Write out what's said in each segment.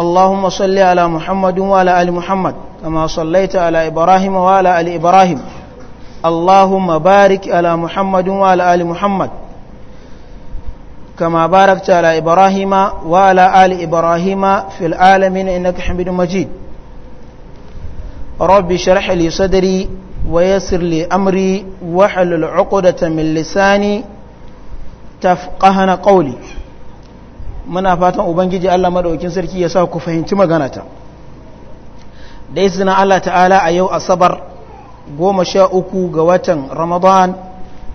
اللهم صل على محمد وعلى آل محمد كما صليت على إبراهيم وعلى آل إبراهيم اللهم بارك على محمد وعلى آل محمد كما باركت على إبراهيم وعلى آل إبراهيم في العالمين إنك حميد مجيد رب شرح لي صدري ويسر لي أمري وحل العقدة من لساني تفقهن قولي muna fatan ubangiji Allah maɗaukin sarki ya sa ku fahimci magana ta. da izinin Allah ta'ala a yau asabar goma sha uku ga watan ramadan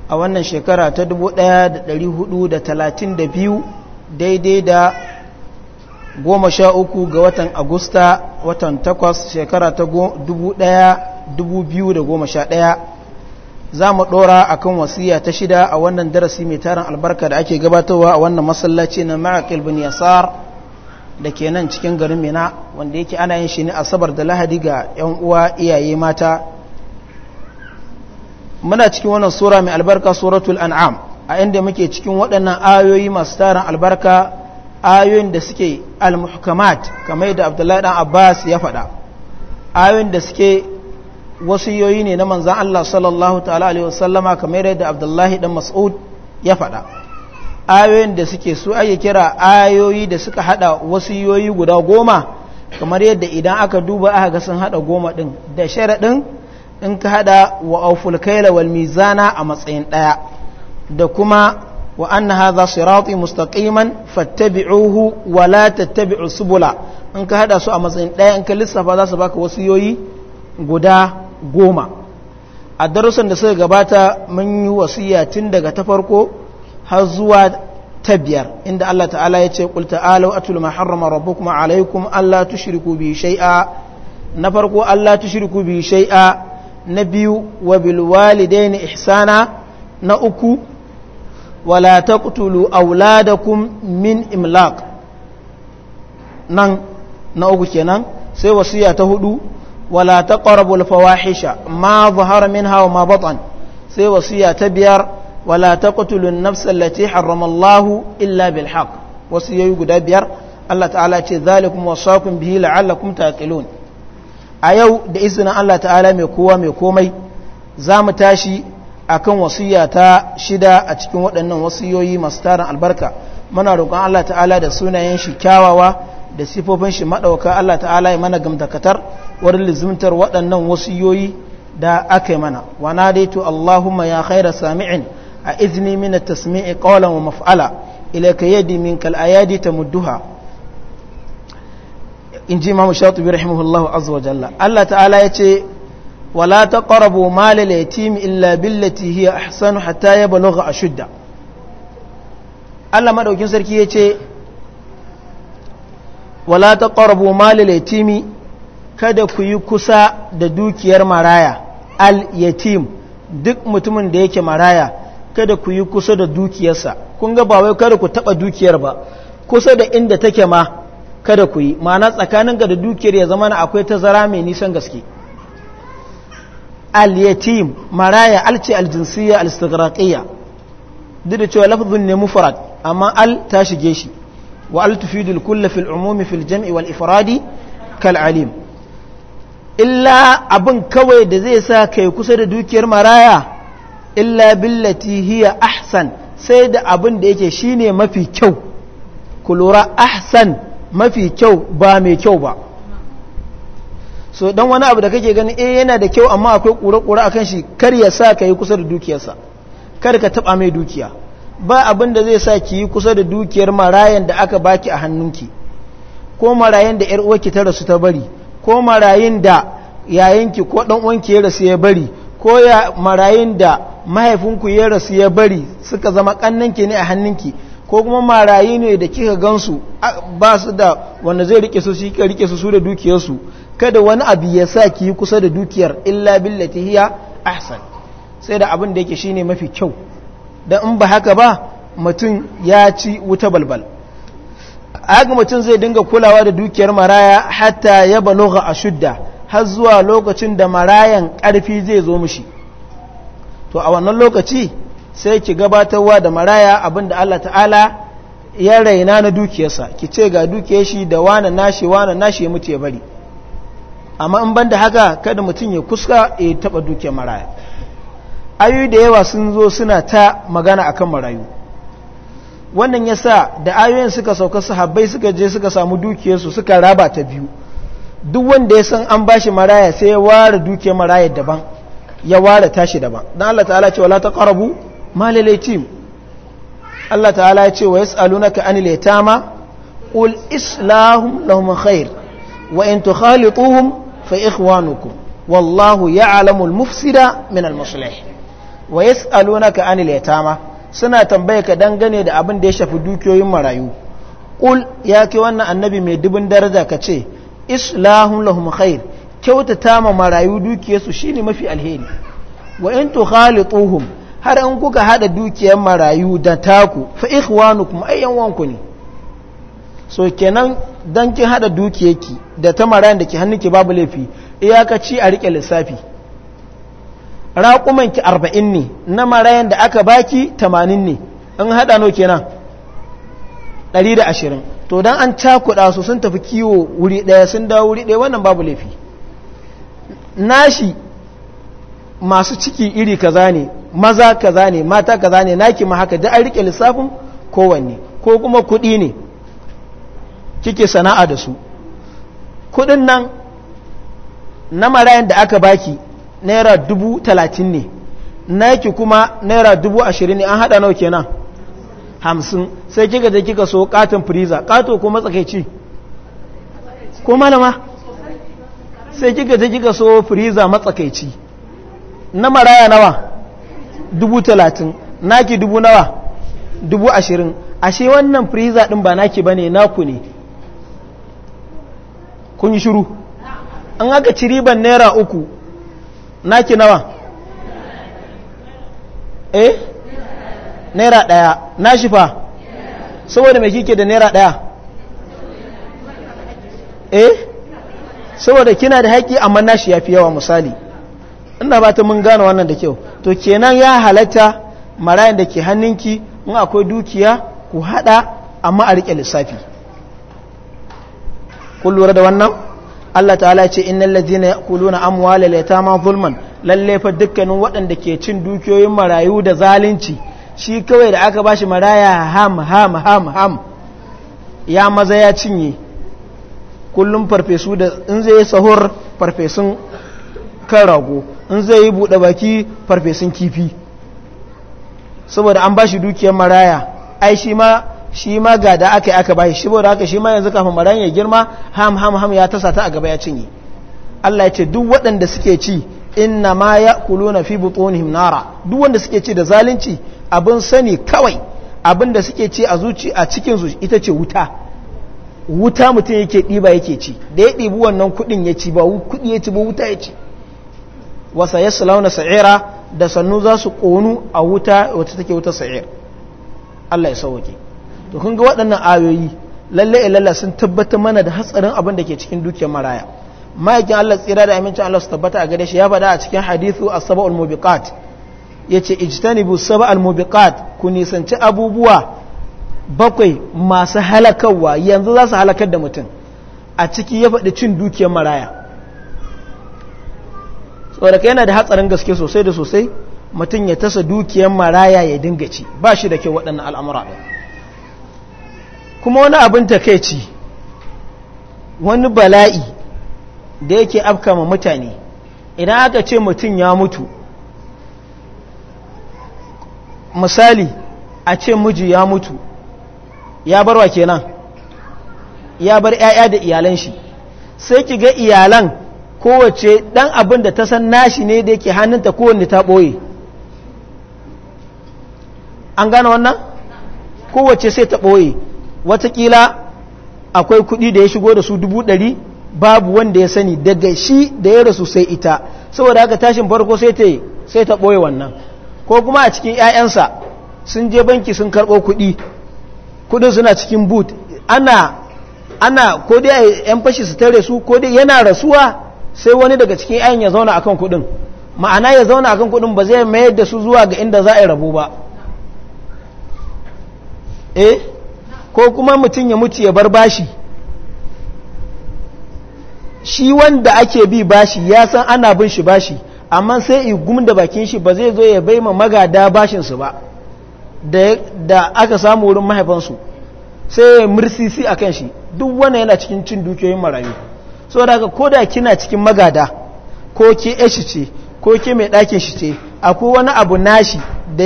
a wannan shekara ta 1432 daidai da goma sha uku ga watan agusta watan takwas shekara ta 1211 za mu ɗora a kan wasiya ta shida a wannan darasi mai tarin albarka da ake gabatarwa a wannan masallaci na ma'aƙil bin yasar da ke nan cikin garin mina wanda yake ana yin shi ne asabar da lahadi ga 'yan uwa iyaye mata muna cikin wannan sura mai albarka suratul an'am a inda muke cikin waɗannan ayoyi masu tarin albarka ayoyin da suke al-muhkamat kamar da abdullahi dan abbas ya faɗa ayoyin da suke wasiyoyi ne na manzan Allah sallallahu ta'ala alaihi kamar yadda Abdullahi ɗan Mas'ud ya faɗa ayoyin da suke su ake kira ayoyi da suka haɗa wasiyoyi guda goma kamar yadda idan aka duba aka ga sun haɗa goma ɗin da sharaɗin in ka haɗa wa auful kaila wal mizana a matsayin ɗaya da kuma wa anna hadha sirati mustaqiman fattabi'uhu wa la tattabi'us subula in ka haɗa su a matsayin ɗaya in ka lissafa za su baka wasiyoyi guda goma a darussan da suka gabata mun yi wasiya tun daga ta farko har zuwa ta biyar inda Allah ta'ala ya ce qul ta'alu atul ma harrama rabbukum alaykum alla tushriku bi shay'a na farko alla tushriku bi shay'a na biyu wa bil walidaini ihsana na uku wala taqtulu auladakum min imlaq nan na uku kenan sai wasiya ta hudu wala taqrabu al-fawahisha ma zahara minha wa ma batan sai wasiya ta biyar wala taqtulu an-nafs allati harrama Allah illa bil haqq wasiyoyi guda biyar Allah ta'ala ce zalikum wasakum bihi la'allakum taqilun a yau da izinin Allah ta'ala mai kowa mai komai za mu tashi akan wasiya ta shida a cikin waɗannan wasiyoyi masu tarin albarka muna roƙon Allah ta'ala da sunayen shi kyawawa da sifofin shi maɗauka Allah ta'ala ya mana gamdakatar wurin lizimtar waɗannan wasiyoyi da aka yi mana wa nadaitu allahumma ya khaira sami'in a izini min tasmi'i qawlan wa maf'ala ilayka yadi min kal ayadi tamudduha in ji imamu shatibi rahimahullah azza wa jalla Allah ta'ala yace wala taqrabu mal al yatim illa billati hiya ahsanu hatta a shudda. Allah madaukin sarki yace wala taqrabu mal al yatimi kada ku yi kusa da dukiyar maraya al-yatim duk mutumin da yake maraya kada ku yi kusa da dukiyarsa kun ga ba wai kada ku taba dukiyar ba kusa da inda take ma kada ku yi ma'ana tsakanin ga da dukiyar ya zama akwai tazara mai nisan gaske al-yatim maraya alce al-jinsiyya al-istighraqiyya duk da cewa lafzun ne mufrad amma al ta shige shi wa al tufidul kull fil umumi fil jami wal-ifradi kal-alim illa abin kawai da zai sa kai kusa da dukiyar maraya illa billati hiya ahsan sai da abin da yake shine mafi kyau ku lura ahsan mafi kyau ba mai kyau ba so dan wani abu da kake gani eh yana da kyau amma akwai kura-kura akan shi kar ya sa kai kusa da dukiyarsa kar ka taba mai dukiya ba abin da zai sa ki yi kusa da dukiyar marayan da aka baki a hannunki ko marayan da yar uwarki ta rasu ta bari ko marayin da yayinki ko ɗan uwanki ya rasu ya bari ko ya marayin da mahaifinku ya rasu ya bari suka zama ƙannanki ne a hannunki ko kuma marayi ne da kika gansu ba su da wanda zai rike su shi rike su su da dukiyarsu kada wani abu ya sa ki kusa da dukiyar illa billati hiya ahsan sai da abin da yake shine mafi kyau dan in ba haka ba mutum ya ci wuta balbal aga mutum zai dinga kulawa da dukiyar maraya hatta ya baloga a shudda har zuwa lokacin da marayan ƙarfi zai zo mushi to a wannan lokaci sai ki gabatarwa da maraya abinda Allah ta'ala ya raina na dukiyarsa ki ce ga dukiyar shi da wani nashi wani nashi ya mutu ya bari amma in banda haka kada mutum ya kuska ya taba dukiyar maraya ayu da yawa sun zo suna ta magana akan marayu wannan ya sa da ayoyin suka sauka sahabbai suka je suka samu dukiyarsu suka raba ta biyu duk wanda ya san an bashi maraya sai ya ware dukiyar maraya daban ya ware tashi daban dan Allah ta'ala ce wala taqrabu malal yatim Allah ta'ala ya ce wa yas'alunaka anil yatama qul islahum lahum khair wa in tukhalituhum fa ikhwanukum wallahu ya'lamu al-mufsida min al-muslih wa yas'alunaka anil yatama suna tambaye ka dangane da abin da ya shafi dukiyoyin marayu ƙul ya ke wannan annabi mai dubin daraja ka ce islahun lahum khair kyautata ma marayu dukiyarsu shine mafi alheri wa in tukhalituhum har in kuka haɗa dukiyar marayu da taku fa ikhwanukum ayyan wanku ne so kenan dan kin hada dukiyarki da ta marayan da ke hannunki babu laifi iyakaci a rike lissafi raƙumanki arba'in ne na marayan da aka baki tamanin ne in haɗa no kenan ɗari da ashirin to don an cakuɗa su sun tafi kiwo wuri ɗaya sun dawo wuri ɗaya wannan babu laifi nashi masu ciki iri kaza ne maza kaza ne mata kaza ne naki ma haka da an rike lissafin kowanne ko kuma kuɗi ne kike sana'a da su kuɗin nan na marayan da aka baki naira dubu talatin ne naki kuma naira dubu ashirin ne an haɗa nauke kenan hamsin sai kika je kika so katon firiza kato kuma tsakaici ko malama sai kika je kika so firiza matsakaici na maraya nawa dubu talatin naki dubu nawa dubu ashirin ashe wannan firiza ɗin ba naki ne naku ne kun yi shiru an aka ci naira uku naki nawa eh naira ɗaya na shi fa saboda mai kike da naira ɗaya eh saboda kina da haƙƙi amma nashi ya fi yawa misali ina ba ta mun gano wannan da kyau to kenan ya halatta marayan da ke hannunki in akwai dukiya ku haɗa amma a riƙe lissafi kun lura da wannan Allah ta'ala ce innal ladhina ya'kuluna amwalal yatama zulman lalle fa dukkanin waɗanda ke cin dukiyoyin marayu da zalunci shi kawai da aka bashi maraya ham ham ham ham ya maza ya cinye kullum farfesu da in zai sahur farfesun kan rago in zai yi buɗe baki farfesun kifi saboda an bashi dukiyar maraya ai shi ma shi ma ga da aka yi aka bashi shi da haka shi ma yanzu kafin maran ya girma ham ham ham ya tasa ta a gaba ya cinye Allah ya ce duk waɗanda suke ci inna ma ya kuluna fi butunihim nara duk wanda suke ci da zalunci abin sani kawai abin da suke ci a zuci a cikin zuci ita ce wuta wuta mutum yake ɗiba yake ci da ya ɗibi wannan kuɗin ya ci ba kuɗi ya ci ba wuta ya ci wasa ya salauna sa'ira da sannu za su ƙonu a wuta wata take wuta sa'ir Allah ya sauke to kun ga waɗannan ayoyi lalle ilalla sun tabbata mana da hatsarin abin da ke cikin dukiyar maraya ma'aikin Allah tsira da amincin Allah su tabbata a gare shi ya faɗa a cikin hadithu as-sab'ul mubiqat yace ijtanibu sab'al mubiqat ku nisanci abubuwa bakwai masu halakawa yanzu za su halakar da mutum a ciki ya faɗi cin dukiyar maraya tsoraka yana da hatsarin gaske sosai da sosai mutum ya tasa dukiyar maraya ya dinga ci ba shi da kyau waɗannan al'amura ɗaya kuma wani abin takaici wani bala'i da yake afkama mutane idan aka ce mutum ya mutu misali a ce miji ya mutu ya barwa kenan ya bar 'ya'ya da iyalan shi sai ki ga iyalan kowace dan abin da ta san nashi ne da yake hannunta kowanne ta ɓoye an gane wannan kowace sai ta ɓoye watakila akwai kuɗi da ya shigo da su dubu ɗari babu wanda ya sani daga shi da ya rasu sai ita saboda haka tashin farko sai ta sai ta ɓoye wannan ko kuma a cikin 'ya'yansa sun je banki sun karɓo kuɗi kuɗin suna cikin boot ana ana ko dai 'yan fashi su tare su ko dai yana rasuwa sai wani daga cikin 'ya'yan ya zauna akan kuɗin ma'ana ya zauna akan kuɗin ba zai mayar da su zuwa ga inda za a yi rabo ba eh ko kuma mutum ya mutu ya bar bashi shi wanda ake bi bashi ya san ana bin shi bashi amma sai igum da bakin shi ba zai zo ya bai ma magada bashinsu ba da aka samu wurin mahaifansu sai ya mursisi a kan shi duk wannan yana cikin cin dukiyoyin marayu so da ko koda kina cikin magada ko ke eshi ce ko ke mai ɗakin shi ce akwai wani abu nashi da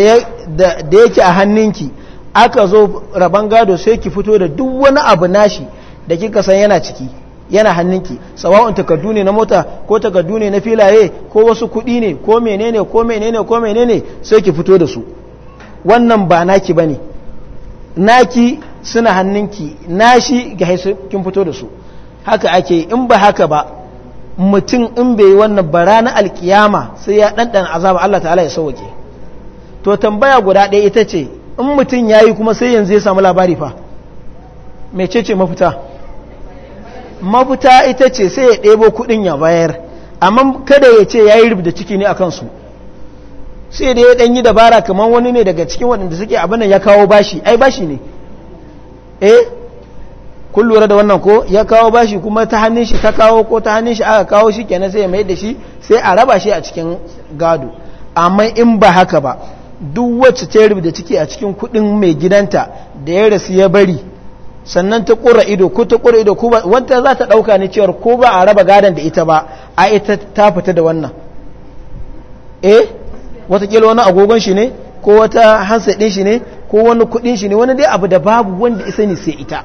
yake a hannunki aka zo rabon gado sai ki fito da duk wani abu nashi da kika san yana ciki yana hannunki sawa'un takardu ne na mota ko takardu ne na filaye ko wasu kuɗi ne ko menene ko menene ko menene sai ki fito da su wannan ba naki bane naki suna hannunki nashi ga haisu kin fito da su haka ake in ba haka ba mutum in bai yi wannan bara na alkiyama sai ya ɗanɗana azaba Allah ta'ala ya sauke to tambaya guda ɗaya ita ce in mutum ya yi kuma sai yanzu ya samu labari fa ce mafita mafita ita ce sai ya ɗebo kuɗin ya bayar amma kada ya ce ya yi da ciki ne a kansu sai da ya ɗanyi dabara kamar wani ne daga cikin waɗanda suke abinan ya kawo bashi ai bashi ne eh kun lura da wannan ko ya kawo bashi kuma ta hannun shi ta kawo ko ta hannun shi aka kawo shi kenan sai ya mai da shi sai a raba shi a cikin gado amma in ba haka ba duk wacce ta rubuta ciki a cikin kudin mai gidanta da ya rasu ya bari sannan ta kura ido ko ta kura ido wata za ta dauka ne cewar ko ba a raba gadon da ita ba a ita ta fita da wannan eh watakila wani agogon shi ne ko wata hansa din shi ne ko wani kuɗin shi ne wani dai abu da babu wanda ya sani sai ita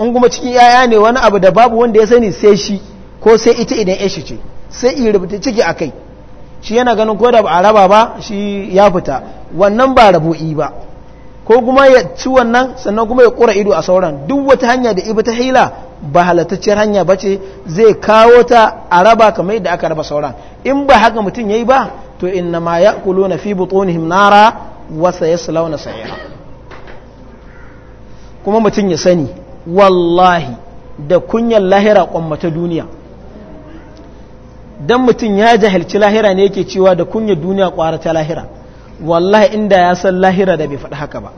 in kuma cikin yaya ne wani abu da babu wanda ya sani sai shi ko sai ita idan ya shi ce sai iya rubuta ciki a kai shi yana ganin ko da ba a raba ba shi ya fita wannan ba rabu'i ba ko kuma ya ci wannan sannan kuma ya kura ido a sauran duk wata hanya da ibi ta hila ba halattacciyar hanya ba ce zai kawo ta a raba kamar yadda aka raba sauran in ba haka mutum ya yi ba to inna ma ya kulo na fi butonihim himnara wasa ya na sa'ira kuma mutum ya sani wallahi da kunyar lahira kwammata duniya dan mutum ya jahilci lahira ne yake cewa da kunya duniya kwara ta lahira wallahi inda ya san lahira da bai faɗi haka ba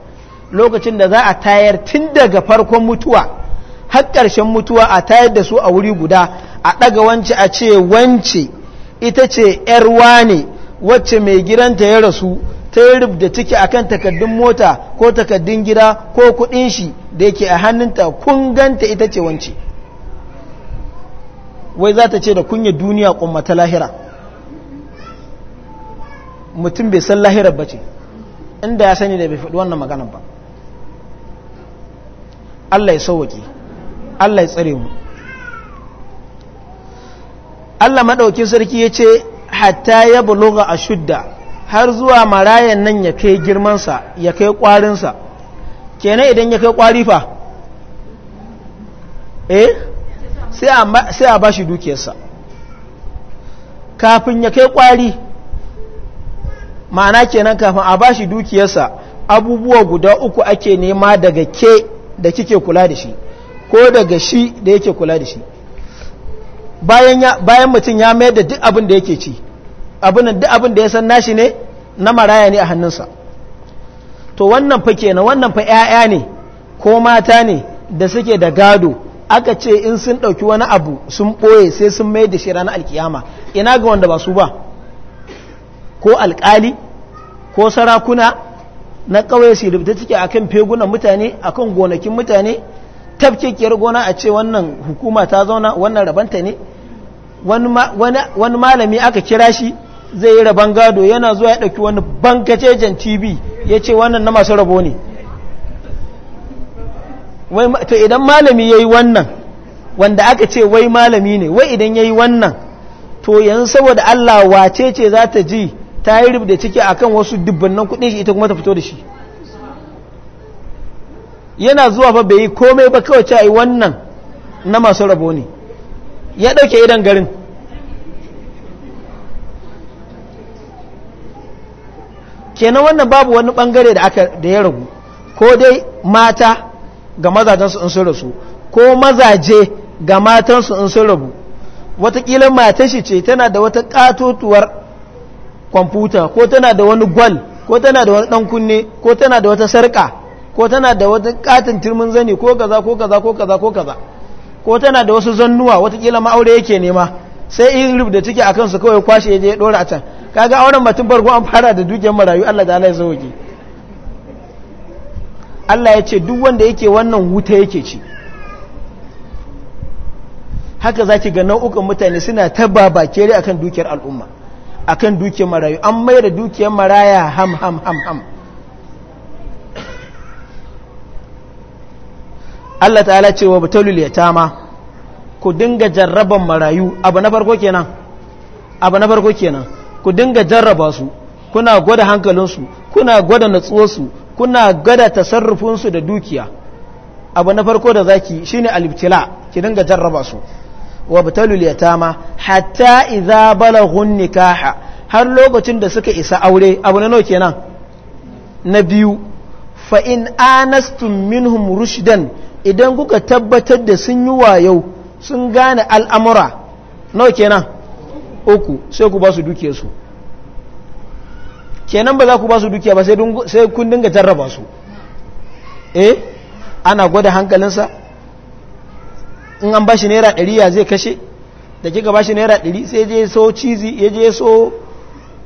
lokacin da za a tayar tun daga farkon mutuwa har ƙarshen mutuwa a tayar da su a wuri guda a ɗaga wance a ce wance ita ce ‘yar wane wacce mai gidanta ya rasu ta yi rubda ciki a kan takardun mota ko takardun gida ko kuɗin shi da yake a hannunta kun ganta ita ce wance wai za ta ce da kunya duniya ta lahira mutum bai san lahirar ba ce inda ya sani da bai faɗi wannan magana ba Allah ya sauwaƙe Allah ya tsare mu Allah maɗauki sarki ya ce hatta ya buluga a shudda har zuwa marayan nan ya kai girmansa ya kai ƙwarinsa kenan idan ya kai ƙwari fa eh sai a bashi dukiyarsa kafin ya kai kwari ma'ana kenan kafin a bashi dukiyarsa abubuwa guda uku ake nema daga ke da kike kula da shi ko daga shi da yake kula da shi bayan mutum ya mayar da duk abin da yake ci abin da abin da ya san nashi ne na maraya ne a hannunsa to wannan fa kenan wannan fa 'ya'ya ne ko mata ne da suke da gado aka ce in sun ɗauki wani abu sun ɓoye sai sun mai da shi ranar alkiyama ina ga wanda ba su ba ko alkali ko sarakuna na ƙauye su rubuta ciki kan fegunan mutane a kan gonakin mutane tafkekiyar gona a ce wannan hukuma ta zauna wannan rabanta ne wani malami aka kira shi zai yi raban gado yana zuwa ya ɗauki wani bankacejan tv ya ce wannan na masu rabo ne to idan malami yayi wannan wanda aka ce wai malami ne wai idan yayi wannan to yanzu saboda Allah wace ce za ta ji ta yi rubda ciki akan wasu dubbannan kudin shi ita kuma ta fito da shi yana zuwa fa bai yi komai ba kawai ce ai wannan na masu rabo ne ya ɗauke idan garin kenan wannan babu wani bangare da aka da ya ragu ko dai mata ga mazajensu in sun rasu ko mazaje ga matansu in sun rabu watakila matan shi ce tana da wata katotuwar kwamfuta ko tana da wani gwal ko tana da wani dan kunne ko tana da wata sarka ko tana da wata katin turmin zani ko kaza ko kaza ko kaza ko kaza ko tana da wasu zannuwa watakila ma aure yake nema sai in rubuta ciki akan su kawai kwashe ya je ya dora a can kaga auren mutum bargo an fara da dukiyar marayu Allah da Allah ya sauke Allah ya ce duk wanda yake wannan wuta yake ci haka za ki ga nau'ukan mutane suna ta babakere akan dukiyar al'umma akan dukiyar marayu an mayar da dukiyar maraya ham ham ham ham Allah ta'ala ce wa batalul yatama ku dinga jarraban marayu abu na farko kenan abu na farko kenan ku dinga jarraba su kuna gwada hankalinsu kuna gwada natsuwarsu kuna gada tasarrufinsu da dukiya abu na farko da zaki shi shine alibtila ki dinga jarraba su wa batalul yatama hatta idza balaghun nikaha har lokacin da suka isa aure abu na nawa kenan na biyu fa in anastum minhum rushdan idan kuka tabbatar da sun yi wayo sun gane al'amura nawa kenan uku sai ku ba su dukiyarsu kenan ba za ku ba su dukiya ba sai kun dinga jarraba su eh ana gwada hankalinsa in an ba shi naira ɗari ya zai kashe da kika ba shi naira ɗari sai je so cizi ya je so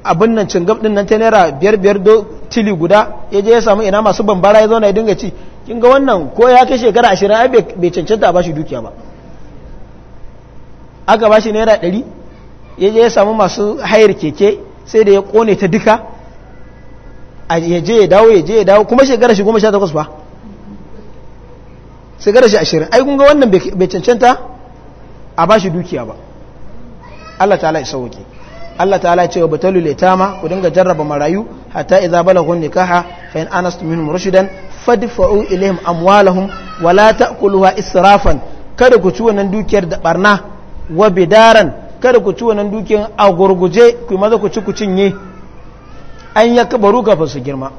abin nan cingab ɗin nan ta naira biyar biyar do tili guda ya je ya samu ina masu bambara ya zauna ya dinga ci kin ga wannan ko ya kai shekara ashirin ai bai cancanta a ba shi dukiya ba aka ba shi naira ɗari ya je ya samu masu hayar keke sai da ya kone ta duka ya je ya dawo ya je ya dawo kuma shekara shi goma sha takwas ba shekara shi ashirin ai kunga wannan bai cancanta a ba shi dukiya ba Allah ta'ala ya sauke Allah ta'ala ce wa batalu litama ku dinga jarraba marayu hatta iza balaghun nikaha fa in anastum minhum rushdan fadfa'u ilaihim amwalahum wa la ta'kuluha israfan kada ku ci wannan dukiyar da barna wa bidaran kada ku ci wannan dukiyar a gurguje ku maza ku ci ku cinye an ya kabaru kafin su girma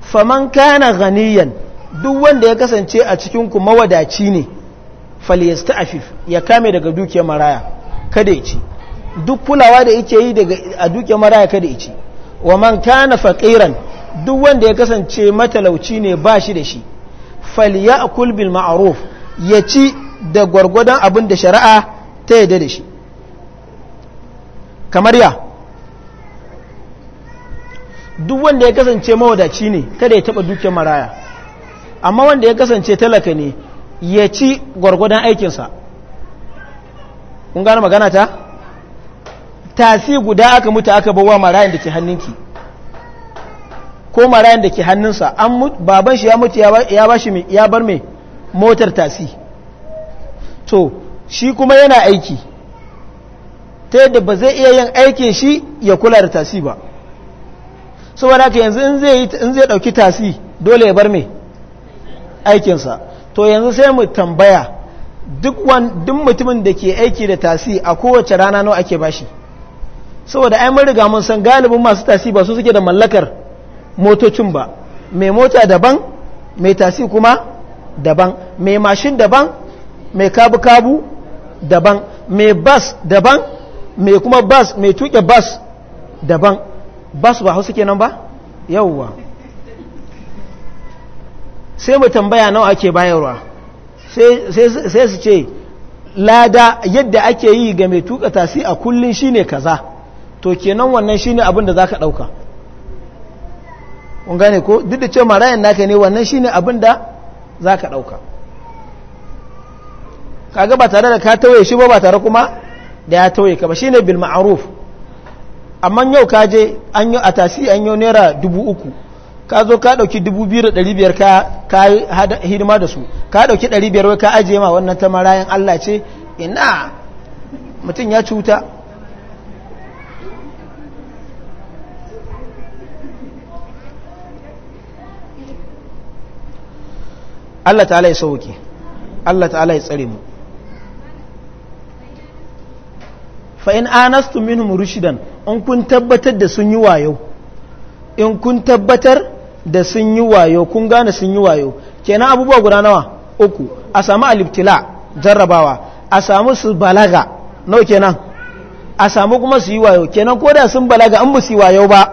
faman kana ganiyan duk wanda ya kasance a cikinku mawadaci ne faliyasta afif ya kame daga dukiya maraya kada ya ci duk kulawa da yake yi daga a dukiyar maraya kada ya ci wa man kana faqiran duk wanda ya kasance matalauci ne ba shi da shi falyakul bil ma'ruf ya ci da gwargwadon abin da shari'a ta yadda da shi kamar ya duk wanda ya kasance mawadaci ne kada ya taba dukiyar maraya amma wanda ya kasance talaka ne ya ci gwargwadon aikinsa kun gane magana ta tasi guda aka mutu aka bawa marayan da ke hannunki ko marayan da ke hannunsa an baban shi ya mutu ya ba shi ya bar mai motar tasi to shi kuma yana aiki ta yadda ba zai iya yin aikin shi ya kula da tasi ba saboda haka yanzu in zai ɗauki tasi dole ya bar mai aikinsa to yanzu sai mu tambaya duk mutumin da ke aiki da tasi a kowace rana nawa ake bashi saboda ai mun riga mun san galibin masu tasi ba su suke da mallakar motocin ba mai mota daban mai tasi kuma daban mai mashin daban mai kabu-kabu daban mai bas daban mai kuma bas mai tuke bas daban bas ba hausa kenan ba yauwa sai mu tambaya nawa ake bayarwa sai su ce lada yadda ake yi ga mai tuka tasi a kullun ne kaza to kenan wannan ne abinda za ka dauka kun gane ko duk da ce marayan naka ne wannan shi ne abinda za ka dauka kaga ba tare da ka tauye shi ba ba tare kuma da ya tauye ka ba shi ne bilma'aruf amma yau ka je an yi a tasi an yi naira dubu uku ka zo ka ɗauki dubu biyu da biyar ka yi hidima da su ka ɗauki ɗari biyar wai ka ajiye ma wannan ta marayan Allah ce ina mutum ya cuta Allah ta ala ya sauke Allah ta ala ya tsare mu fa in anastu minhum rushdan in kun tabbatar da sun yi wayo in kun tabbatar da sun yi wayo kun gane sun yi wayo kenan abubuwa guda nawa uku a samu aliftila jarrabawa a samu su balaga nau kenan a samu kuma su yi wayo kenan ko da sun balaga an ba su yi wayo ba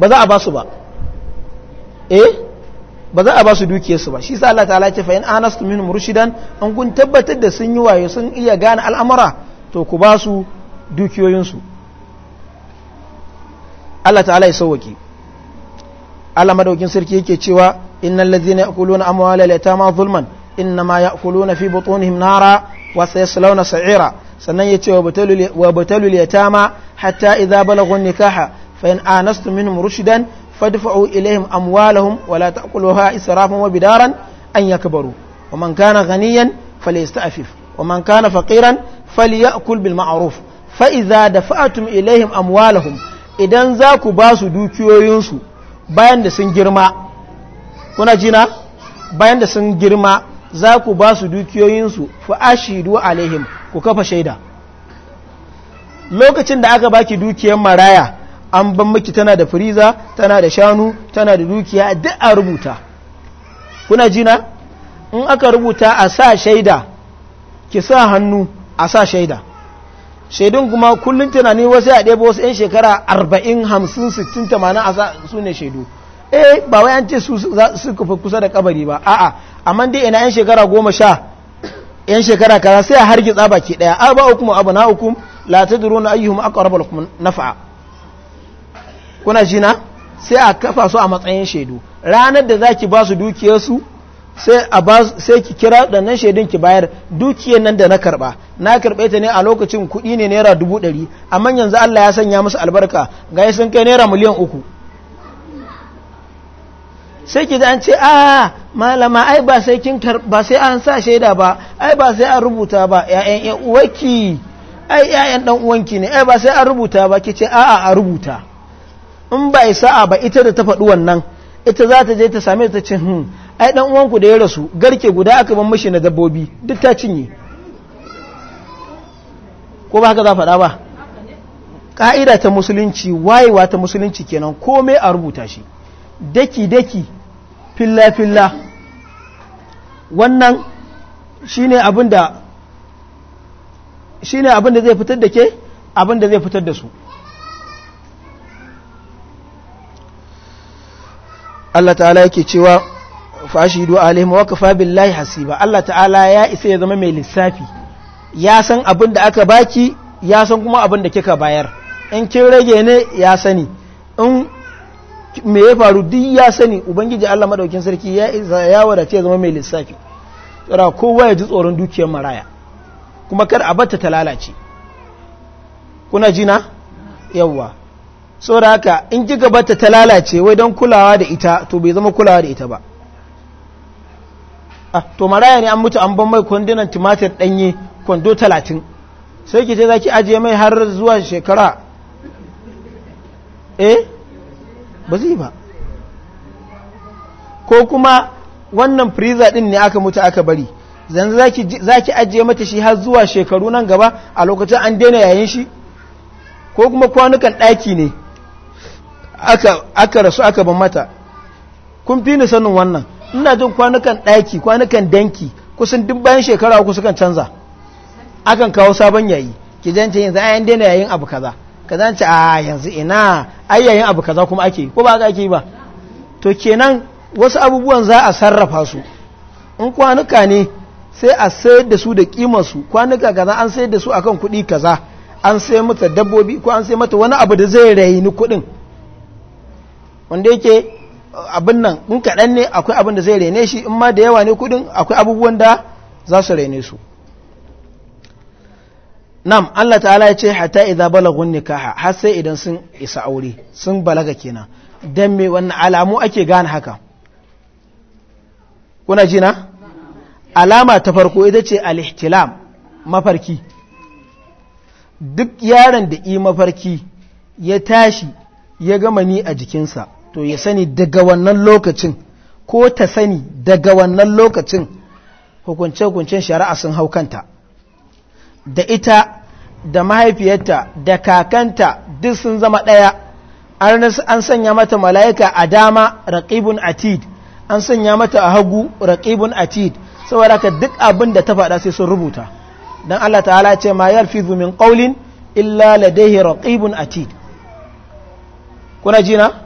ba za a ba su ba eh ba za a ba su dukiyarsu ba shi sa Allah ta'ala ce fa in anastu minhum rushdan an kun tabbatar da sun yi wayo sun iya gane al'amura to ku ba su dukiyoyinsu Allah ta'ala ya sauwaki Allah madaukin sarki yake cewa innal ladzina ya'kuluna amwala al-yatama zulman innama ya'kuluna fi butunihim nara wa sayaslawna sa'ira sannan yace wa batalul wa batalul yatama hatta idza balaghu nikaha fa in anastu minhum rushdan fadfa'u ilayhim amwalahum wa la ta'kuluha israfan wa bidaran an yakbaru wa man kana ghaniyan falyasta'fif wa man kana faqiran falyakul bil ma'ruf fa idza dafa'tum ilaihim amwalahum idan za ku ba su dukiyoyinsu bayan da sun girma kuna jina za ku ba su dukiyoyinsu fa ashidu alaihim ku kafa shaida lokacin da aka baki dukiyar maraya an ban miki tana da firiza tana da shanu tana da dukiya da a rubuta kuna in aka rubuta a sa shaida ki sa hannu a sa shaida shaidun kuma kullum tunani wasu a ɗebo wasu 'yan shekara 40 50 60 80 a sa su ne shaidu eh ba wai an ce su suka fi kusa da kabari ba a'a amma dai ina 'yan shekara goma sha 'yan shekara kaza sai a hargitsa ke ɗaya a ba hukum abu na hukum la ta duro na ayyuhum aqrabu na nafa'a kuna jina sai a kafa su a matsayin shaidu ranar da zaki ba su dukiyarsu sai a ba sai ki kira nan shaidun ki bayar dukiyar nan da na karba na karbe ta ne a lokacin kuɗi ne naira dubu ɗari amma yanzu Allah ya sanya musu albarka ga sun kai naira miliyan uku sai ki an ce a malama ai ba sai kin ba sai an sa shaida ba ai ba sai an rubuta ba ƴaƴan uwaki ai ƴaƴan dan uwanki ne ai ba sai an rubuta ba ki ce a'a a rubuta in ba sa'a ba ita da ta faɗi wannan ita za ta je ta same ta ce hmm ai dan uwanku da ya rasu garke guda aka ban mashi na dabbobi duk ta cinye ko ba haka za faɗa ba ka'ida ta musulunci wayewa ta musulunci kenan komai a rubuta shi daki-daki filla-filla wannan shine abin da shine abin da zai fitar da ke abin da zai fitar da su Allah ta'ala yake cewa fashidu alaihim wa kafa billahi hasiba Allah ta'ala ya isa ya zama mai lissafi ya san abin da aka baki ya san kuma abin da kika bayar in kin rage ne ya sani in me ya faru duk ya sani ubangiji Allah madaukin sarki ya isa ya wadace ya zama mai lissafi tsara kowa ya ji tsoron dukiyar maraya kuma kar a batta ta lalace kuna jina yawwa saboda haka in kika batta ta lalace wai don kulawa da ita to bai zama kulawa da ita ba Ah, to maraya ne an mutu an ban mai kwandunan tumatir ɗanye kwando talatin sai ki ce za ki ajiye mai har zuwa shekara eh ba zai ba ko kuma wannan firiza ɗin ne aka mutu aka bari zanzu za ki ajiye mata shi har zuwa shekaru nan gaba a lokacin an daina yayin shi ko kuma kwanukan ɗaki ne aka rasu aka ban mata kun fi ni sanin wannan ina jin kwanukan ɗaki kwanukan danki kusan duk bayan shekara uku sukan canza akan kawo sabon yayi ki zance yanzu ayan dena daina yayin abu kaza ka zance a yanzu ina ai yayin abu kaza kuma ake ko ba ka ake ba to kenan wasu abubuwan za a sarrafa su in kwanuka ne sai a sayar da su da kimar su kwanuka kaza an sayar da su akan kuɗi kaza an sai mata dabbobi ko an sai mata wani abu da zai raini kuɗin wanda yake abin nan in kaɗan ne akwai abin da zai rene shi in ma da yawa ne kudin akwai abubuwan da za su rene su nam Allah ta'ala ya ce hatta idza balagun nikaha har sai idan sun isa aure sun balaga kenan dan me wannan alamu ake gane haka kuna jina alama ta farko ita ce al-ihtilam mafarki duk yaron da yi mafarki ya tashi ya gama ni a jikinsa to ya sani daga wannan lokacin ko ta sani daga wannan lokacin hukunce-hukuncen shari'a sun hau kanta da ita da mahaifiyarta da kakanta duk sun zama ɗaya an sanya mata mala'ika a dama raƙibun atid an sanya mata a hagu raƙibun atid saboda ka duk abin da ta faɗa sai sun rubuta don Allah ta'ala ce ma yalfi zumin ƙaulin illa ladaihi raƙibun atid kuna jina?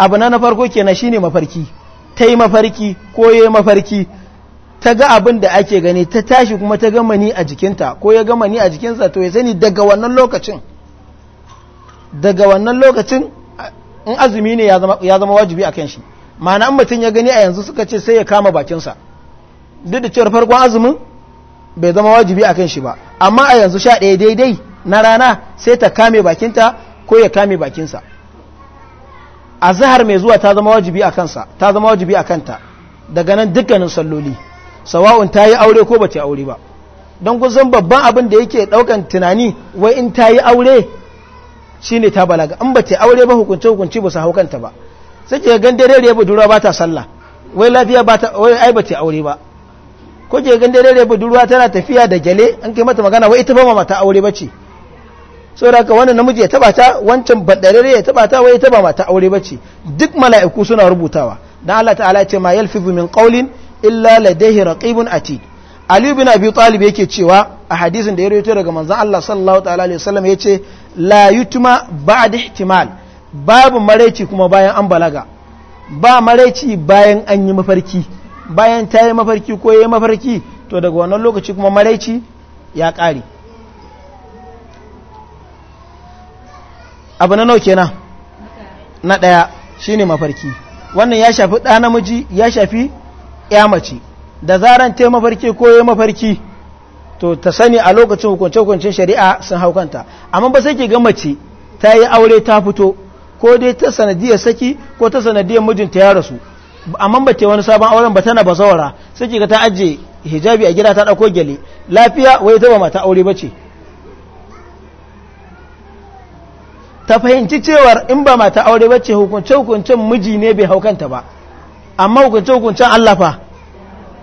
abu na na farko kenan ne mafarki ta yi mafarki ko ya yi mafarki ta ga abin da ake gani ta tashi kuma ta gama ni a jikinta ko ya gama ni a jikinsa to ya sani daga wannan lokacin daga wannan lokacin in azumi ne ya zama wajibi a kan shi ma'ana an mutum ya gani a yanzu suka ce sai ya kama bakinsa duk da cewar farkon azumin bai zama wajibi a kan shi ba amma a yanzu sha ɗaya daidai na rana sai ta kame bakinta ko ya kame bakinsa zahar mai zuwa ta zama wajibi a kansa ta zama wajibi a kanta daga nan dukkanin salloli sawa'un ta yi aure ko ba ta aure ba don kusan babban abin da yake daukan tunani wai in ta yi aure shi ne ta balaga in ba ta aure ba hukunce hukunci ba su haukanta ba sai ke gan dare ya budurwa ba ta sallah wai lafiya ba ta wai ai ta aure ba ko ke gan dare ya budurwa tana tafiya da gele an kai mata magana wai ita ba mata aure ba ce. saboda ka wannan namiji ya taba ta wancan baddarere ya taba ta wai ya taba mata aure bace duk mala'iku suna rubutawa dan Allah ta'ala ya ce ma yalfizu min qawlin illa ladayhi raqibun ati. Ali bin Abi Talib yake cewa a hadisin da ya rawaito daga manzon Allah sallallahu ta'ala alaihi wasallam yace la yutma ba'd ihtimal babu maraici kuma bayan an balaga ba maraici bayan an yi mafarki bayan ta yi mafarki ko ya yi mafarki to daga wannan lokaci kuma maraici ya ƙare abu na nauke na na ɗaya shi ne mafarki wannan ya shafi ɗa namiji ya shafi ya mace da zaran te mafarki ko ya mafarki to ta sani a lokacin hukunce-hukuncen shari'a sun haukanta amma ba sai ke ga mace ta yi aure ta fito ko dai ta sanadiyar saki ko ta sanadiyar mijinta ya rasu amma ba ta wani sabon auren ba tana bazawara sai ke ga ta ajiye hijabi a gida ta ɗauko gyale lafiya wai ta ba mata aure ba ce ta fahimci cewar in ba mata aure ba ce hukunce-hukuncen miji ne bai hau kanta ba amma hukunce-hukuncen Allah fa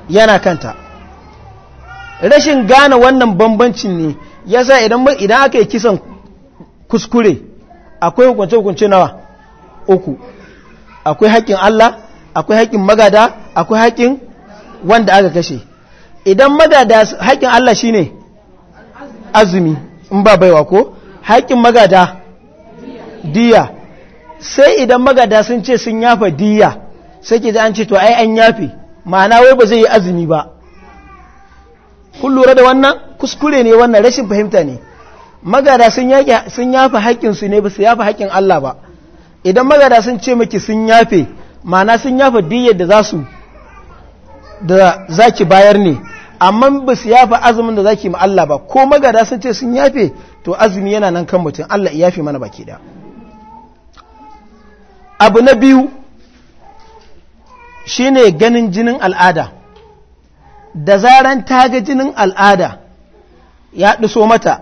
yana kanta rashin gane wannan bambancin ne ya sa idan aka yi kisan kuskure akwai hukunce-hukunce nawa uku akwai haƙƙin Allah akwai haƙƙin magada akwai haƙƙin wanda aka kashe idan magada haƙƙin Allah shine azumi in ba baiwa ko haƙƙin magada diya sai idan magada sun ce sun yafa diya sai ke an ce to ai an yafe ma'ana wai ba zai yi azumi ba kun lura da wannan kuskure ne wannan rashin fahimta ne magada sun yafa haƙƙinsu ne ba su yafa haƙƙin Allah ba idan magada sun ce maki sun yafe ma'ana sun yafa diya da za su da za ki bayar ne amma ba su yafa azumin da za ki ma Allah ba ko magada sun ce sun yafe to azumi yana nan kan mutum Allah ya yafe mana baki da. abu na biyu shi ne ganin jinin al'ada da zaran ta ga jinin al'ada ya ɗuso mata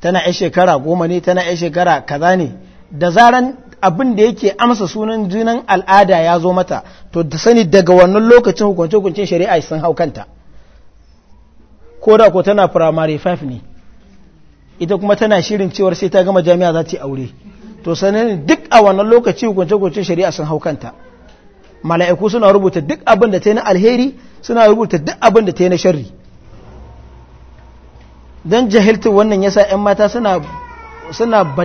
tana ya shekara goma ne tana ya shekara kaza ne da zaran abin da yake amsa sunan jinin al'ada ya zo mata to da sani daga wannan lokacin hukunce hukuncin shari'a sun hau kanta ko da ko tana firamare 5 ne ita kuma tana shirin cewar sai ta gama jami'a za ta yi aure to sanin duk a wannan lokaci hukunce-hukunce shari'a sun hau kanta mala'iku suna rubuta duk abin da ta yi na alheri suna rubuta duk abin da ta yi na sharri don jahiltin wannan yasa 'yan mata suna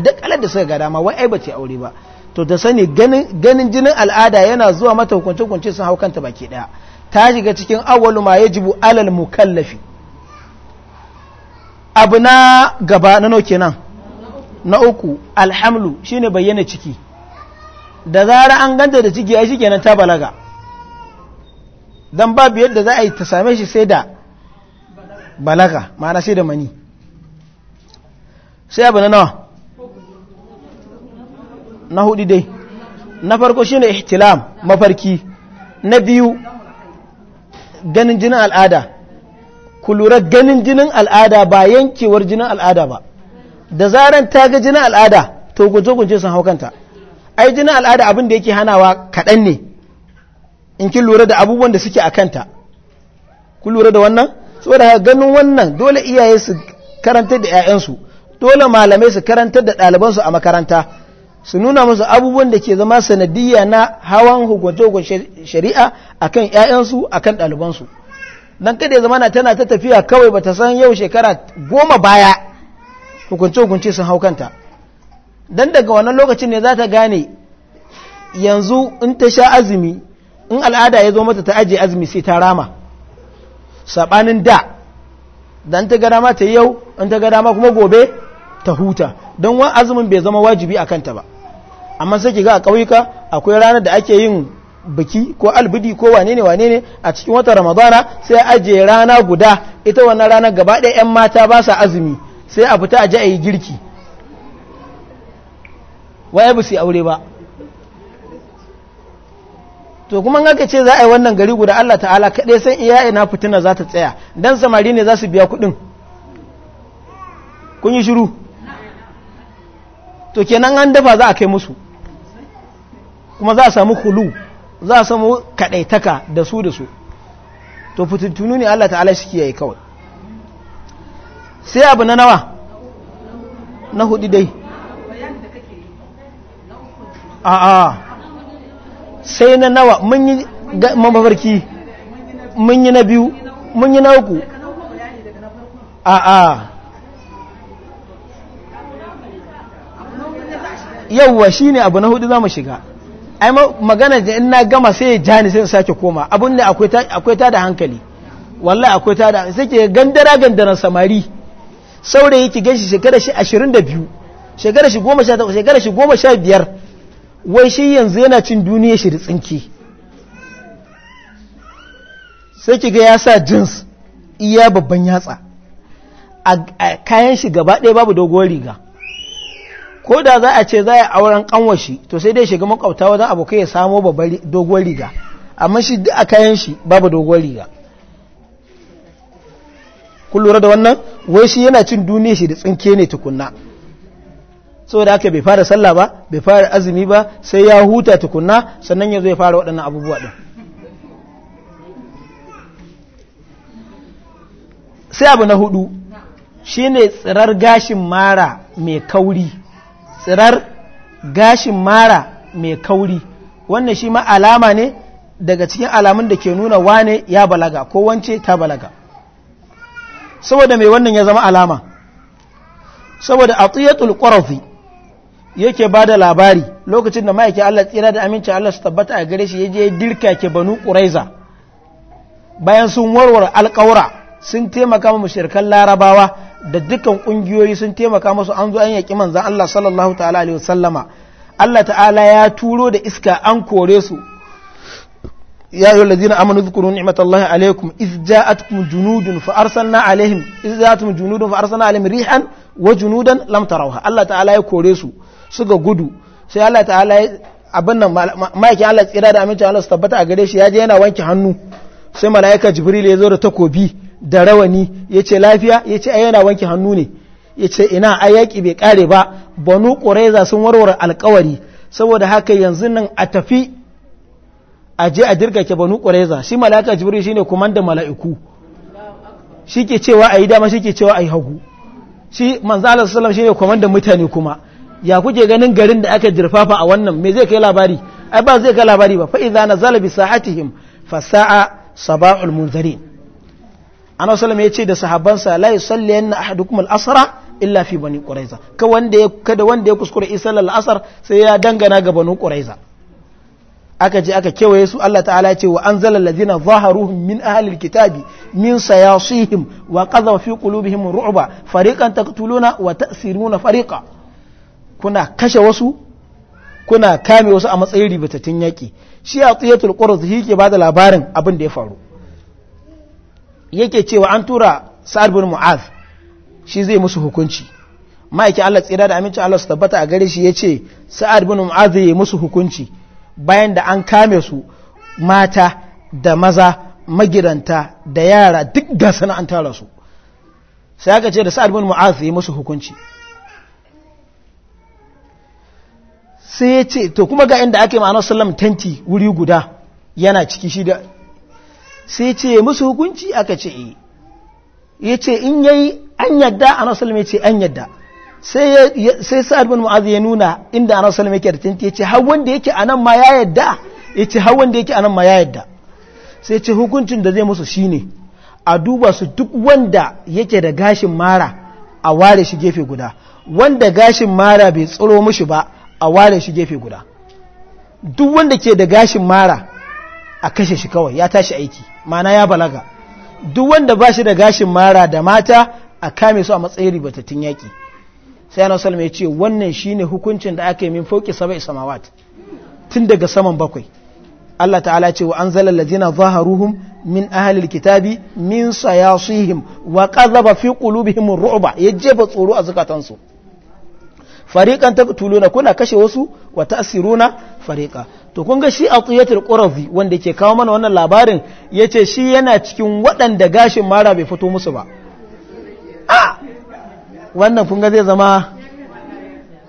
da kalar da suka ga ma wai ai bace aure ba to da sani ganin jinin al'ada yana zuwa mata hukunce-hukunce sun hau kanta baki daya ta shiga cikin awwalu ma jibu alal mukallafi abu na gaba na no kenan na uku alhamlu shine bayyana ciki da zara an ganta da ciki ai shikenan ta balaga dan babu yadda za a yi ta same shi sai da balaga ma'ana sai da mani sai abu na nawa na hudu dai na farko shine ihtilam mafarki na biyu ganin jinin al'ada ku lura ganin jinin al'ada ba yankewar jinin al'ada ba da zaran ta ga jinin al'ada to guje-guje sun kanta. ai jinin al'ada abin da yake hanawa kaɗan ne in kin lura da abubuwan da suke a kanta kun lura da wannan da ganin wannan dole iyaye su karantar da 'ya'yansu dole malamai su karantar da ɗalibansu a makaranta su nuna musu abubuwan da ke zama sanadiyya na hawan hukunce shari'a a kan 'ya'yansu a kan ɗalibansu don kada ya zama tana ta tafiya kawai ba ta san yau shekara goma baya hukunce-hukunce sun hau kanta don daga wannan lokacin ne za ta gane yanzu in ta sha azumi in al'ada ya zo mata ta ajiye azumi sai ta rama saɓanin da don ta gada ma ta yau in ta gada ma kuma gobe ta huta don wani azumin bai zama wajibi a kanta ba amma sai ki ga a ƙauyuka akwai ranar da ake yin biki ko albidi ko wane ne wane ne a cikin watan ramadana sai ajiye rana guda ita wannan rana gaba ɗaya 'yan mata ba sa azumi sai a fita a ji a yi girki waye ba su aure ba to kuma haka ce za a yi wannan gari guda Allah ta'ala kaɗai san iya ina fitina za ta tsaya Dan samari ne za su biya kuɗin kun yi shiru to kenan an dafa za a kai musu kuma za a samu hulu za a samu kaɗaitaka da su da su to fitintunu ne Allah ta'ala shi kiyaye kawai sai abu na nawa na hudu dai a'a sai na nawa mun yi mafarki mun yi na biyu mun yi na uku a'a yauwa shi ne abu na hudu za mu shiga ai magana da ina na gama sai ya jani sai sake koma abin da akwai ta da hankali wallahi akwai ta da sai ke gandara gandaran samari saurayi ki ganshi shekara shi 22 shekara shi 18 shekara shi 15 wai shi yanzu yana cin duniya shi da tsinki sai ki ga ya sa jeans iya babban yatsa a kayan shi gaba ɗaya babu dogon riga ko da za a ce za a auren kanwashi to sai dai shiga makauta wajen abokai ya samo dogon riga amma shi duk a kayan shi babu dogon riga kun da wannan wai shi yana cin duniya shi da tsinke ne tukunna saboda aka bai fara sallah ba bai fara azumi ba sai ya huta tukunna sannan ya zo ya fara waɗannan abubuwa ɗin sai abu na hudu shine tsirar gashin mara mai kauri tsirar gashin mara mai kauri wannan shi ma alama ne daga cikin alamun da ke nuna wane ya balaga ko wance ta balaga saboda mai wannan ya zama alama saboda a tsiyatul ƙorafi yake ba da labari lokacin da ma'aikin Allah tsira da aminci Allah su tabbata a gare shi ya je dirka ke banu ƙuraiza bayan sun warware alƙawura sun taimaka ma mushirkan larabawa da dukkan ƙungiyoyi sun taimaka masu an zo an yaƙi manzan Allah sallallahu ta'ala alaihi Allah ta'ala ya turo da iska an kore su يا أيها الذين آمنوا اذكروا نعمة الله عليكم إذ جاءتكم جنود فأرسلنا عليهم إذ جاءتكم جنود فأرسلنا عليهم ريحا وجنودا لم تروها الله تعالى يكوريسو سوغا غدو abin nan ma'aikin Allah tsira da amincin Allah su tabbata a gare shi ya je yana wanke hannu sai mala'ika jibril ya zo da takobi da rawani ya ce lafiya ya ce yana wanke hannu ne ya ce ina a yaƙi bai kare ba banu ƙuraiza sun warware alƙawari saboda haka yanzu nan a tafi a je a ke banu ƙuraiza shi malaka ne shine da mala'iku shi ke cewa a yi dama shi ke cewa a yi hagu shi manzo Allah sallam shine da mutane kuma ya kuke ganin garin da aka jirfafa a wannan me zai kai labari ai ba zai kai labari ba fa idza zalabi sa'atihim sahatihim fa sa'a sabahul munzari Ana sallam ya ce da sahabbansa la yusalli anna ahadukum al-asra illa fi bani quraiza ka wanda ya kada wanda ya kuskure asar sai ya dangana ga banu quraiza aka je aka kewaye su Allah ta'ala ya ce wa anzala allazina zaharuhum min ahli kitabi min sayasihim wa qadha fi qulubihim ru'ba fariqan taktuluna wa ta'siruna fariqa kuna kashe wasu kuna kame wasu a matsayin ribatattun yaki shi a tsiyatul ke ba bada labarin abin da ya faru yake cewa an tura sa'ad bin mu'az shi zai musu hukunci ma'aikin Allah tsira da aminci Allah su tabbata a gare shi ya ce sa'ad bin mu'az zai musu hukunci bayan da an kame su mata da maza magidanta da yara duk gasa na an tara su sai aka ce da sa'ad bin mu'az yi musu hukunci sai ya ce to kuma ga inda ake ma'anar sallam tenti wuri guda yana ciki shi da sai ce musu hukunci aka ce yi eh. ya ce in yayi an yadda a nasarar mai ce an yadda sai sa'ad bin ma’azi ya nuna inda ana salama yake da tinti ya ce har wanda yake anan ma ya yadda yace hawan da yake anan ma ya yadda sai ce hukuncin da zai musu shine a duba su duk wanda yake da gashin mara a ware shi gefe guda wanda gashin mara bai tsoro mushi ba a ware shi gefe guda duk wanda ke da gashin mara a kashe shi kawai ya tashi aiki mana ya balaga duk wanda ba shi da gashin mara da mata a kame su a matsayin ribatattun yaƙi sai ana salama ya ce wannan shine hukuncin da aka yi min fauki saba'i samawat tun daga saman bakwai Allah ta'ala ce wa anzala allazina zaharuhum min ahli alkitabi min sayasihim wa qadhaba fi qulubihim ar-ru'ba jefa tsoro a zakatansu fariqan tuluna kuna kashe wasu wa ta'siruna fariqa to kun ga shi atiyatul qurazi wanda ke kawo mana wannan labarin ya ce shi yana cikin waɗanda gashin mara bai fito musu ba wannan kunga zai zama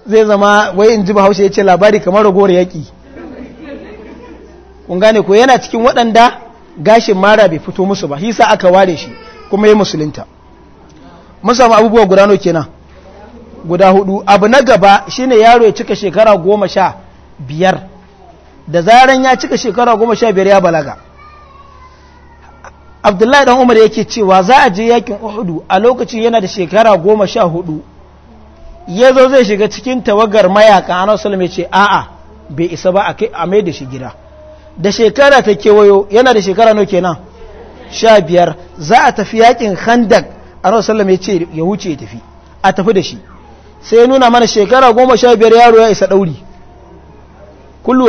zai zama wai in ji bahaushe ya ce labari kamar ragowar yaƙi kun ne ko yana cikin waɗanda gashin mara bai fito musu ba hisa aka ware shi kuma yi Musulinta. mun samu abubuwa guda no kenan guda hudu abu na gaba shine yaro ya cika shekara goma sha biyar da zaran ya cika shekara goma sha biyar ya balaga abdullahi dan umar yake cewa za a je yakin uhudu a lokacin yana da shekara goma sha hudu ya zo zai shiga cikin tawagar mayakan anan salam ya ce a'a bai isa ba a mai da shi gida da shekara ta kewayo yana da shekara no kenan sha biyar za a tafi yakin handak anan salam ya ce ya wuce ya tafi a tafi da shi sai ya nuna mana shekara goma sha biyar yaro ya isa ɗauri kun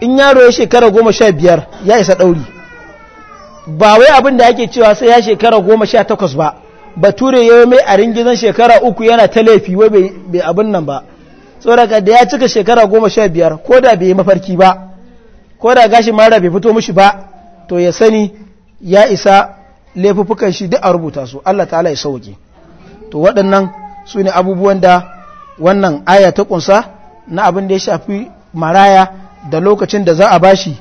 in yaro ya shekara goma sha biyar ya isa ɗauri ba wai abin da ake cewa sai ya shekara goma sha takwas ba bature ya yi mai a ringizan shekara uku yana ta laifi wai bai abin nan ba tsoraka da ya cika shekara goma sha biyar ko da bai mafarki ba ko da gashi mara bai fito mushi ba to ya sani ya isa laifuffukan shi duk a rubuta su Allah ta'ala ya sauke to waɗannan su ne abubuwan da wannan aya ta ƙunsa na abin da ya shafi maraya da lokacin da za a bashi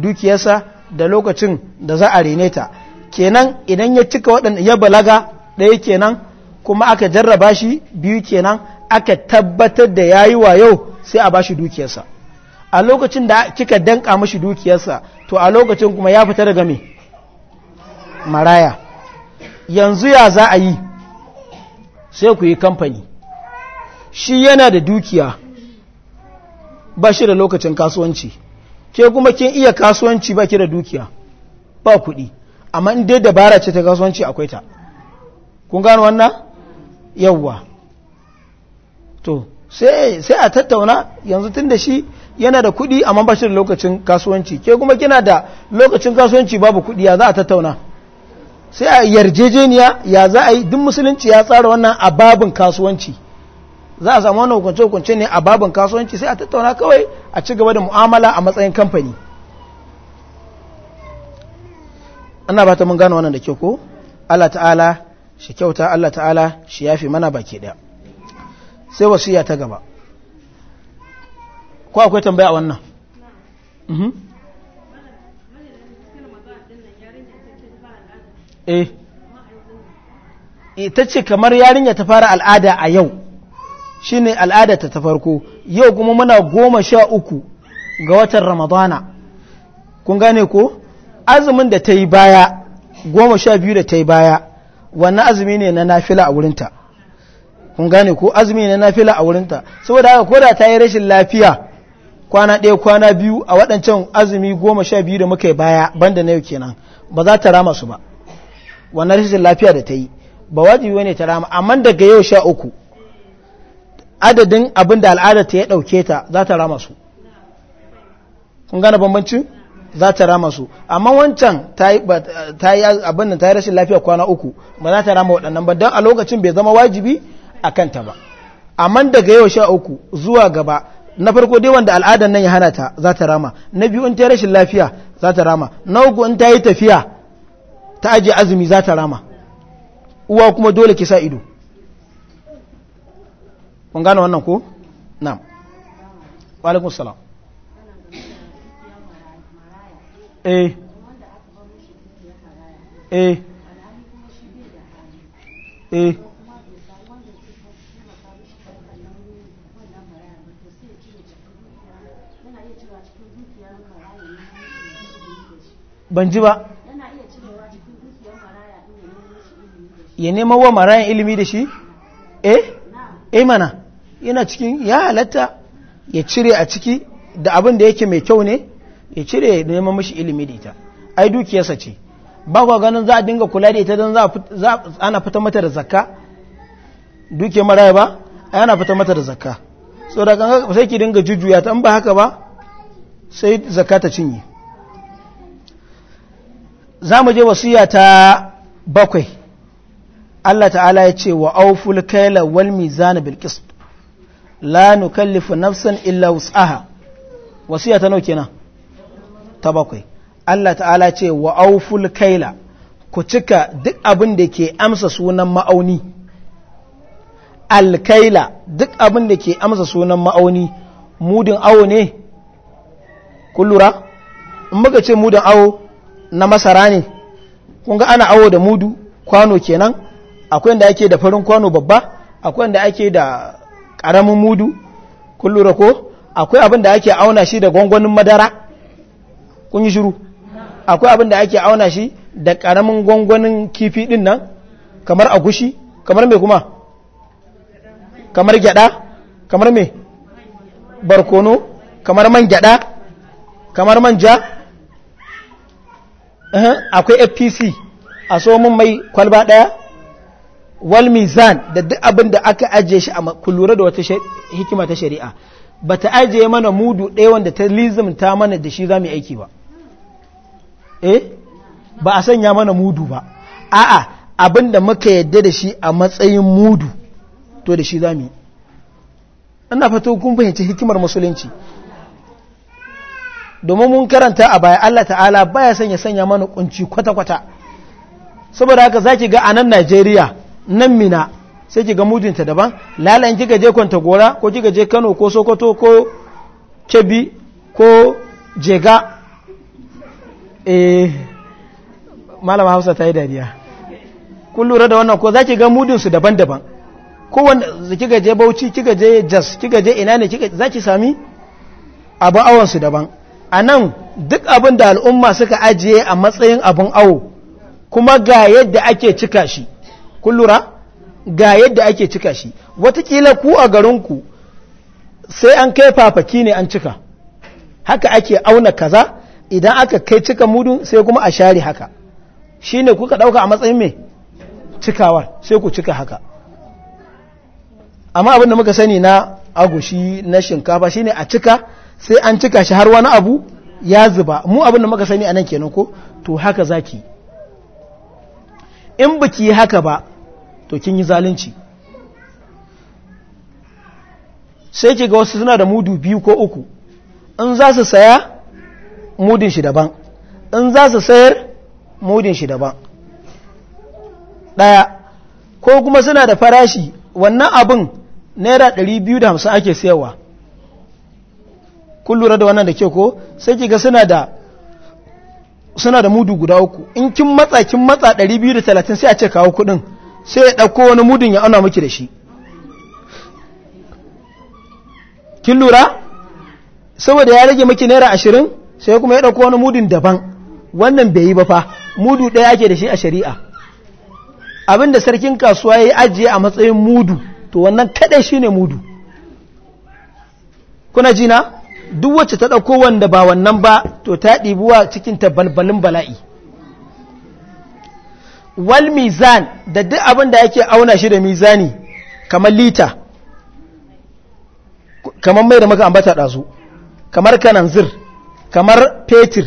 dukiyarsa da lokacin da za a rene ta kenan idan ya cika waɗanda ya balaga ɗaya kenan kuma aka jarraba shi biyu kenan aka tabbatar da ya yi wa yau sai a ba shi dukiyarsa a lokacin da kika danka mashi dukiyarsa to a lokacin kuma ya fita daga me maraya yanzu ya za a yi sai ku yi kamfani shi yana da dukiya ba shi da lokacin kasuwanci ke kuma kin iya kasuwanci ba da dukiya ba kuɗi amma in dai dabara ce ta kasuwanci akwai ta kun gano wannan yawwa to sai a tattauna yanzu tun da shi yana da kuɗi amma ba shi da lokacin kasuwanci ke kuma kina da lokacin kasuwanci babu kuɗi ya za a tattauna sai a yarjejeniya ya za a yi duk musulunci ya tsara wannan a babin kasuwanci za a samu wani hukunce-hukunce ne a babin kasuwanci sai a tattauna kawai a ci gaba da mu'amala a matsayin kamfani ana ba ta mun gano wannan da ke ko Allah ta'ala shi kyauta Allah ta'ala shi yafi mana baki daya sai wasiya ta gaba ko akwai tambaya a wannan mhm. eh. ita ce kamar yarinya ta fara al'ada a yau shine al'ada ta farko yau kuma muna goma sha uku ga watan ramadana kun gane ko azumin da ta yi baya goma sha biyu da ta yi baya wannan azumi ne na nafila a wurinta kun gane ko azumi ne na nafila a wurinta saboda haka ko da ta yi rashin lafiya kwana ɗaya kwana biyu a waɗancan azumi goma sha biyu da muka yi baya banda na yau kenan ba za ta rama su ba wannan rashin lafiya da ta yi ba wajibi ne ta rama amma daga yau sha uku adadin abin da al'adar ta ya ɗauke ta za ta rama su kun gane bambanci za ta rama su amma wancan ta yi abin da ta yi rashin lafiya kwana uku ba za ta rama waɗannan ba don a lokacin bai zama wajibi a kanta ba amma daga yau sha uku zuwa gaba na farko dai wanda al'adar nan ya hana ta za ta rama na biyu in ta yi rashin lafiya za ta rama na uku in ta yi tafiya ta ajiye azumi za ta rama uwa kuma dole ki sa ido kun gano wannan ko na'am wa alaikum salam eh eh eh ban ji ba ya nemo wa marayan ilimi da shi eh eh mana yana cikin ya halatta ya cire a ciki da abin da yake mai kyau ne ya cire da neman mashi ilimi da ita ai dukiyarsa ce ba kwa ganin za a dinga kula da ita don za ana fita mata da zakka dukiyar maraya ba ai ana fita mata da zakka so da kan sai ki dinga jujjuya ta in ba haka ba sai zakka ta cinye za mu je wasiya ta bakwai Allah ta'ala ya ce wa auful kaila wal mizan bil qist la nukallifu nafsan illa wus'aha wasiya ta nauke na ta bakwai Allah ta'ala ce wa auful kaila ku cika duk abin da ke amsa sunan ma'auni alkaila duk abin da ke amsa sunan ma'auni mudin awo ne kun lura in muka ce mudin awo na masara ne kun ga ana awo da mudu kwano kenan akwai da ake da farin kwano babba akwai da ake da ƙaramin mudu kun lura ko akwai abin da ake auna shi da gwangwanin madara kun yi shiru akwai abin da ake auna shi da ƙaramin gwangwanin kifi ɗin nan kamar agushi kamar mai kuma kamar gyada kamar mai barkono kamar man gyada kamar manja akwai fpc a so mun mai kwalba ɗaya wal mizan da duk abin da aka ajiye shi a kullura da wata hikima ta shari'a ba ta ajiye mana mudu ɗaya wanda ta lizimta mana da shi za mu aiki ba eh ba a sanya mana mudu ba a'a abin da muka yadda da shi a matsayin mudu to da shi za mu ina fata kun fahimci hikimar musulunci domin mun karanta a baya Allah ta'ala baya sanya sanya mana kunci kwata-kwata saboda haka zaki ga a nan Najeriya nan mina sai ki ga mudinta daban lala kika je kwanta gora ko kika je kano ko sokoto ko kebbi ko jega eh malama hausa ta yi dariya kun lura da wannan ko za ki ga mudinsu daban-daban wanda da kika je bauchi kika je jas kika je ina ne za ki sami abin awonsu daban a nan duk abin da al'umma suka ajiye a matsayin abin awo kuma ga yadda ake cika shi kun ga yadda ake cika shi watakila ku a garinku sai an kai fafaki ne an cika haka ake auna kaza idan aka kai cika mudu sai kuma a share haka shi ne kuka ɗauka a matsayin mai cikawar sai ku cika haka amma abinda muka sani na agushi na shinkafa shi ne a cika sai an cika shi har wani abu ya zuba mu abinda muka sani a nan kenan ko to haka zaki in biki haka ba to kin yi zalunci sai ke ga wasu suna da mudu biyu ko uku in za su saya mudin shi daban in za su sayar mudin shi daban ɗaya ko kuma suna da farashi wannan abin naira 250 ake sayarwa kun lura da wannan da ke ko sai ki ga suna da suna da mudu guda uku in kin matsa kin matsa 230 sai a ce kawo kudin sai ya ɗauko wani mudun ya auna miki da shi kin lura saboda ya rage miki naira ashirin sai kuma ya ɗauko wani mudun daban wannan bai yi ba fa mudu ɗaya ake da shi a shari'a Abin da sarkin kasuwa ya yi ajiye a matsayin mudu to wannan kaɗai shi ne mudu kuna jina duk wacce ta ɗauko wanda ba wannan ba to ta ɗibuwa cikin tabbalin bala'i wal mizan da duk abin da yake auna shi da mizani kamar lita kamar mai da maka ambata ɗazu kamar kananzir kamar fetur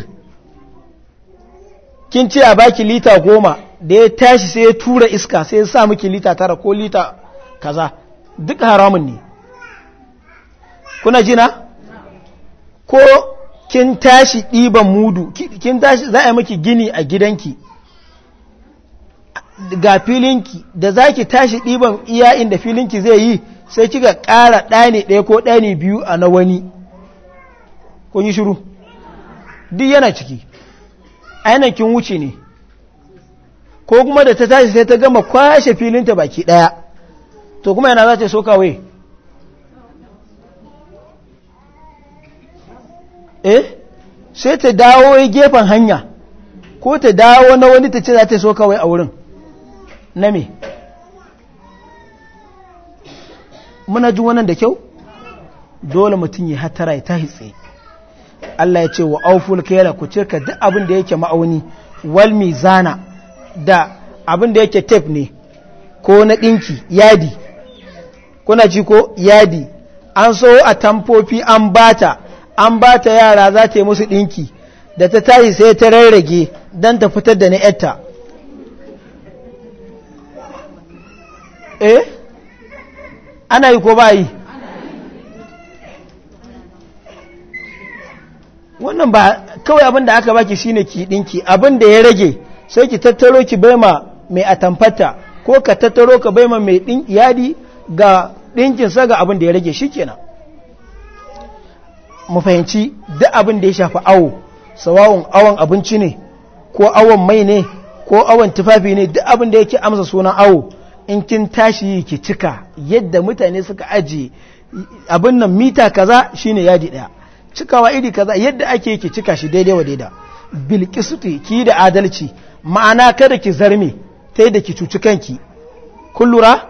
kin ce a baki lita goma da ya tashi sai ya tura iska sai ya sa miki lita tara ko lita kaza duk haramun ne kuna jina ko kin tashi ɗiban mudu kin tashi za a yi miki gini a gidanki ga filinki da za ki tashi ɗiban iya inda filinki zai yi sai kika ƙara ɗani ɗaya ko ɗani biyu a na wani Ko yi shiru duk yana ciki ainihin kin wuce ne ko kuma da ta tashi sai ta gama kwashe filinta baki ɗaya to kuma yana za ta so kawai eh sai ta dawo gefen hanya ko ta dawo na wani ta ce za ta so kawai a wurin na me muna ji wannan da kyau dole mutum ya hatara ya tahi tsaye Allah ya ce wa auful kaila ku cirka duk abin da yake ma'auni wal mizana da abin da yake tape ne ko na dinki yadi kuna ji ko yadi an so a tamfofi an bata an bata yara za ta yi musu dinki da ta tahi sai ta rarrage don ta fitar da na yarta eh ana yi ko ba yi wannan ba kawai abin da aka baki shine ki dinki abin da ya rage sai ki tattaro ki baima mai atamfata ko ka tattaro ka baima mai din yadi ga dinkin sa ga abin da ya rage shikenan mu fahimci duk abin da ya shafa awo sawawun awon abinci ne ko awon mai ne ko awon tufafi ne duk abin da yake amsa sunan awo in kin tashi yi ki cika yadda mutane suka aji abin nan mita kaza shine yadi ɗaya, cikawa iri kaza yadda ake ki cika shi daidai wa daida bil ki da adalci ma'ana kada ki zarme ta yadda ki cuci kanki kullura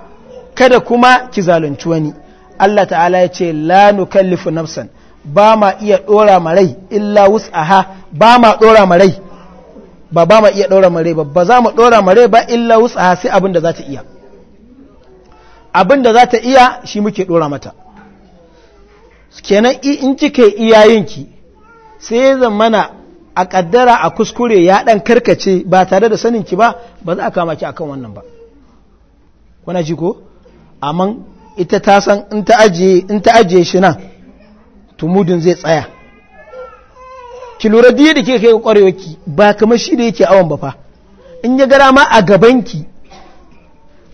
kada kuma ki zalunci wani Allah ta'ala ya ce Lanu nukallifu nafsan ba ma iya dora ma rai illa wus'aha ba ma dora ma ba ba ma iya dora ma ba ba za mu dora ma ba illa wus'aha sai abin da za ta iya abin da za ta iya shi muke ɗora mata kenan in cike iyayenki sai ya mana a kaddara a kuskure ya ɗan karkace ba tare da saninki ba ba za a kama ki akan wannan ba kuna ji ko amma ita ta san in ta ajiye in ta ajiye shi nan tumudin zai tsaya ki lura da kike kai kwarewarki ba kamar shi da yake awon ba fa in ya gara ma a gaban ki.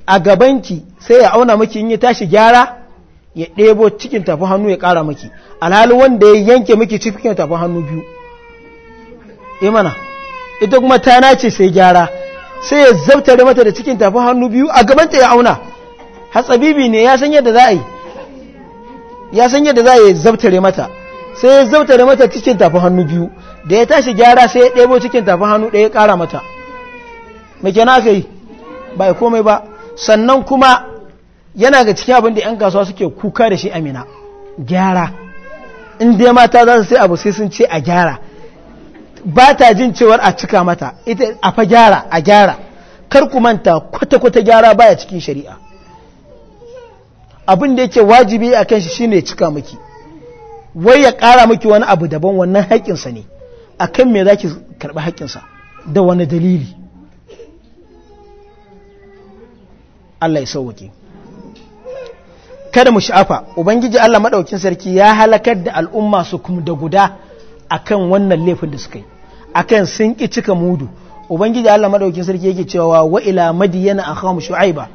a gabanki sai ya auna maki in ya tashi gyara ya ɗebo cikin tafi hannu ya ƙara maki alhali wanda ya yanke maki cikin tafi hannu biyu imana eh ita kuma ta nace sai gyara sai ya zabtare mata da cikin tafi hannu biyu a gabanta ya auna hatsabibi ne ya san yadda za a yi ya san yadda za a yi zabtare mata sai ya zabtare mata cikin tafi hannu biyu da ya tashi gyara sai ya ɗebo cikin tafi hannu ɗaya ƙara mata mai kenan aka yi ba ya komai ba sannan kuma yana ga cikin abin da 'yan kasuwa suke kuka da shi amina gyara in dai mata za su sai abu sai sun ce a gyara ba ta jin cewar a cika mata ita a fa gyara a gyara kar ku manta kwata-kwata gyara baya cikin shari'a abin da yake wajibi a kan shi ne cika miki wai ya kara miki wani abu daban wannan haƙƙinsa ne A kan me za ki karɓi haƙƙinsa da wani dalili Allah ya sauwake kada mu sha'afa ubangiji Allah madaukin sarki ya halakar da al'umma su kuma da guda akan wannan laifin da suka yi akan sun ki cika mudu ubangiji Allah madaukin sarki yake cewa wa ila madiyana akhahum shu'aiba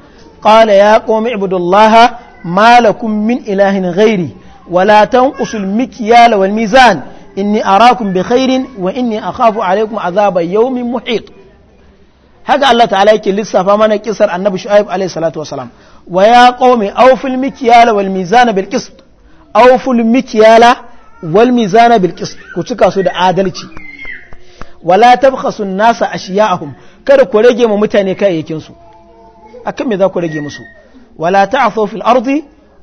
qala ya qawmi ibudullaha ma lakum min ilahin ghairi wala tanqusul mikyala wal mizan inni arakum bi khairin wa inni akhafu alaykum azaba yawmin muhit haka Allah ta'ala yake lissafa mana kisar annabi shu'aib alaihi salatu wasalam wa ya qaumi awful mikyala wal mizana bil qist awful mikyala wal mizana bil qist ku cika su da adalci wala tabkhasu an-nasa ashiya'ahum kada ku rage mu mutane kayayyakin su akan me za ku rage musu wala ta'thu fil ardi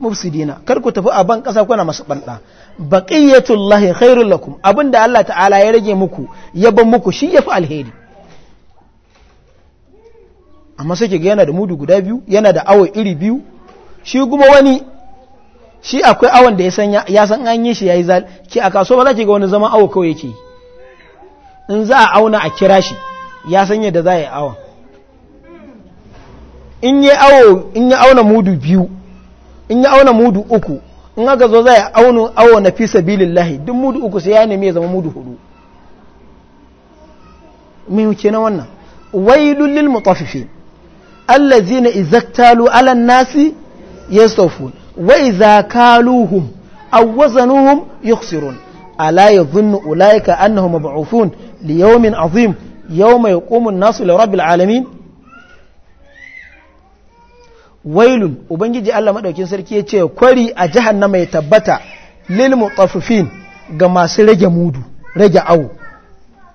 mufsidina kar ku tafi a ban ƙasa kuna masu ɓanɗa baƙiyyatullahi khairul lakum abinda Allah ta'ala ya rage muku ya ban muku shi yafi alheri amma sai ga yana da mudu guda biyu yana da awa iri biyu shi kuma wani shi akwai awon da ya san ya san an yi shi yayi zal ki a kaso ba za ki ga wani zama awa kawai yake in za a auna a kira shi ya san yadda za a yi awon in yi awo in ya auna mudu biyu in ya auna mudu uku in aka zo za a auna awo na fi lahi duk mudu uku sai ya nemi ya zama mudu hudu mai wuce na wannan wai lil allazina izaktalu alan nasi yastawfun wa idza kaluhum aw wazanuhum yukhsirun ala yadhunnu ulaika annahum mabufun li yawmin azim yawma yaqumu an-nasu li rabbil alamin wailun ubangiji Allah madaukin sarki yace kwari a jahannama mai tabbata lil mutaffifin ga masu rage mudu rage awo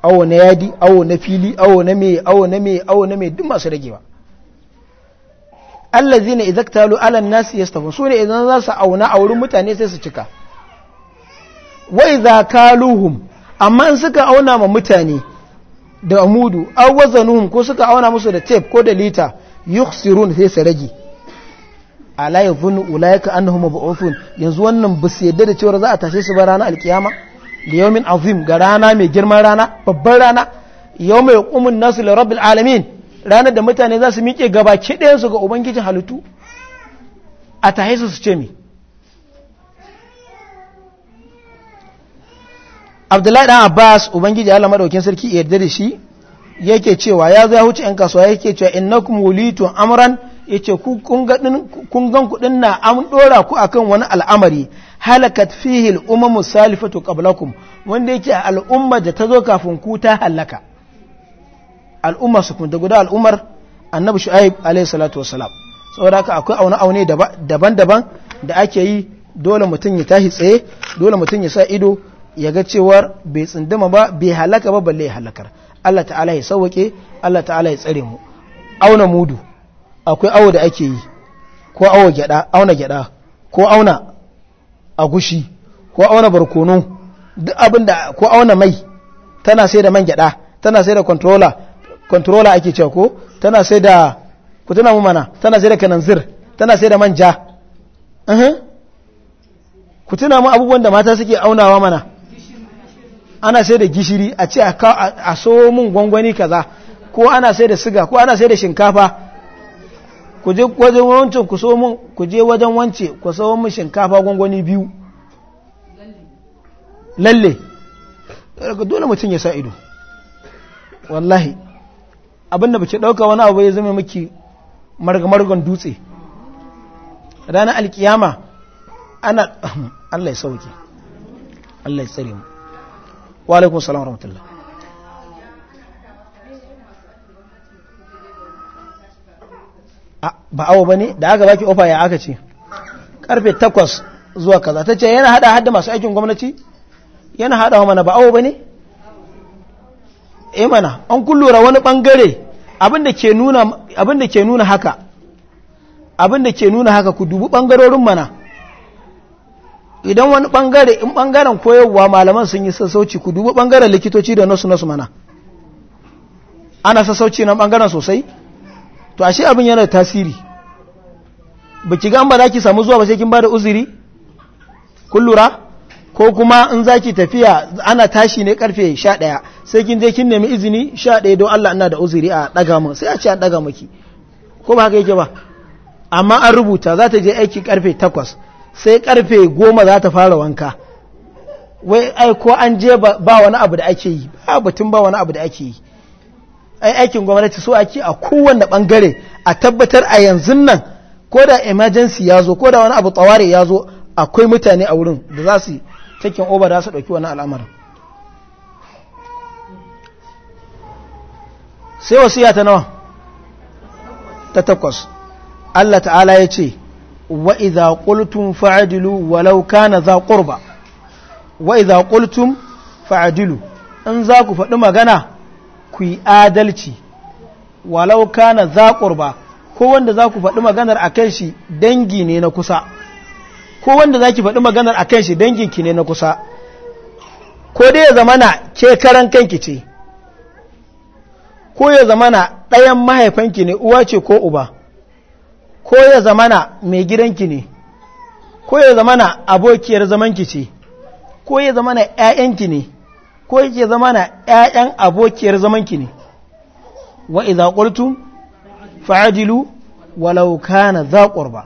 awo na yadi awo na fili awo na me awo na me awo na me duk masu ragewa ne idan ktalu alan nasi su ne idan za su auna a wurin mutane sai su cika Wai idza kaluhum amma in suka auna ma mutane da amudu aw ko suka auna musu da tef ko da lita sirun sai su rage ulayaka an ulaika annahum yanzu wannan ba su yadda da cewar za a tashe su ba rana alkiyama da yawmin azim ga rana mai girman rana babban rana yawma yaqumun nasu li rabbil alamin ranar da mutane za su miƙe gabaki ɗayansu ga ubangijin halittu a ta su su ce mi abdullahi ɗan abbas ubangiji allah madaukin sarki yarda da shi yake cewa ya zo ya huce yan kasuwa yake cewa innakum wulitu amran yace ku kun gan kuɗin na an ɗora ku akan wani al'amari halakat fihil umar salifatu ƙablakum wanda yake al'ummar da ta zo kafin ku ta halaka al'umma su da guda al'ummar annabi shu'aib alayhi salatu wassalam saboda haka akwai aune aune daban-daban da ake yi dole mutum ya tashi tsaye dole mutum ya sa ido ya ga cewar bai tsinduma ba bai halaka ba balle ya halakar Allah ta'ala ya sauke Allah ta'ala ya tsare mu auna mudu akwai awo da ake yi ko awo gyada auna gyada ko auna agushi ko auna barkono duk abin da ko auna mai tana sai da man gyada tana sai da controller controller ake cewa ko tana sai da ku tana mu mana tana sai da kananzir tana sai da manja ku tuna mu abubuwan da mata suke aunawa mana ana sai da gishiri a ce a so mun gwangwani kaza ko ana sai da siga ko ana sai da shinkafa ku je wajen wancin ku so mun ku je wajen wance ku so mun shinkafa gwangwani biyu lalle eh, dole mutum ya sa ido wallahi abinda bace ɗauka wani abu ya zama miki margamargon dutse ranar alkiyama ana Allah ya sauke Allah ya mu wa alaikum salam rahmatullah ba awo ne da aka baki ofa ya aka ce karfe 8 zuwa kaza ce yana hada hada masu aikin gwamnati yana hada wa mana ba awo ne eh mana an kullura wani bangare abinda ke nuna ke nuna haka abinda ke nuna haka ku dubi bangarorin mana idan wani bangare in bangaren koyarwa malaman sun yi sassauci ku dubi bangaren likitoci da nasu nasu mana ana sassauci na bangaren sosai to ashe abin yana da tasiri ba ki gamba ba za ki samu zuwa ba sai kin ba da uzuri kullura? lura ko kuma in zaki tafiya ana tashi ne karfe ɗaya sai kin je kin nemi izini ɗaya don Allah ina da uzuri a daga mu sai a ce an daga miki ko ba haka yake ba amma an rubuta za ta je aiki karfe takwas sai karfe goma za ta fara wanka wai ai ko an je ba wani abu da ake yi ba batun ba wani abu da ake yi ai aikin gwamnati so ake a kowanne bangare a tabbatar a yanzu nan ko da emergency ya zo ko da wani abu tsaware ya zo akwai mutane a wurin da za su cikin oba da su ɗauki wani al'amarin sai wasiya ta nawa ta takwas Allah ta'ala ya ce wa idza qultum fa'dilu walau kana za qurba wa idza qultum fa'dilu in za ku faɗi magana ku yi adalci walau kana za qurba ko wanda za ku faɗi maganar akan shi dangi ne na kusa ko wanda za ki faɗi maganar a kan shi danginki ne na kusa ko dai ya zamana ke karan kanki ce ko ya zamana ɗayan mahaifanki ne uwa ce ko uba ko ya zamana mai gidanki ne ko ya zamana abokiyar zamanki ce ko ya zamana ‘ya'yanki ne ko ya zamana ‘ya'yan abokiyar zamanki ne wa iza qultum walaukana walau za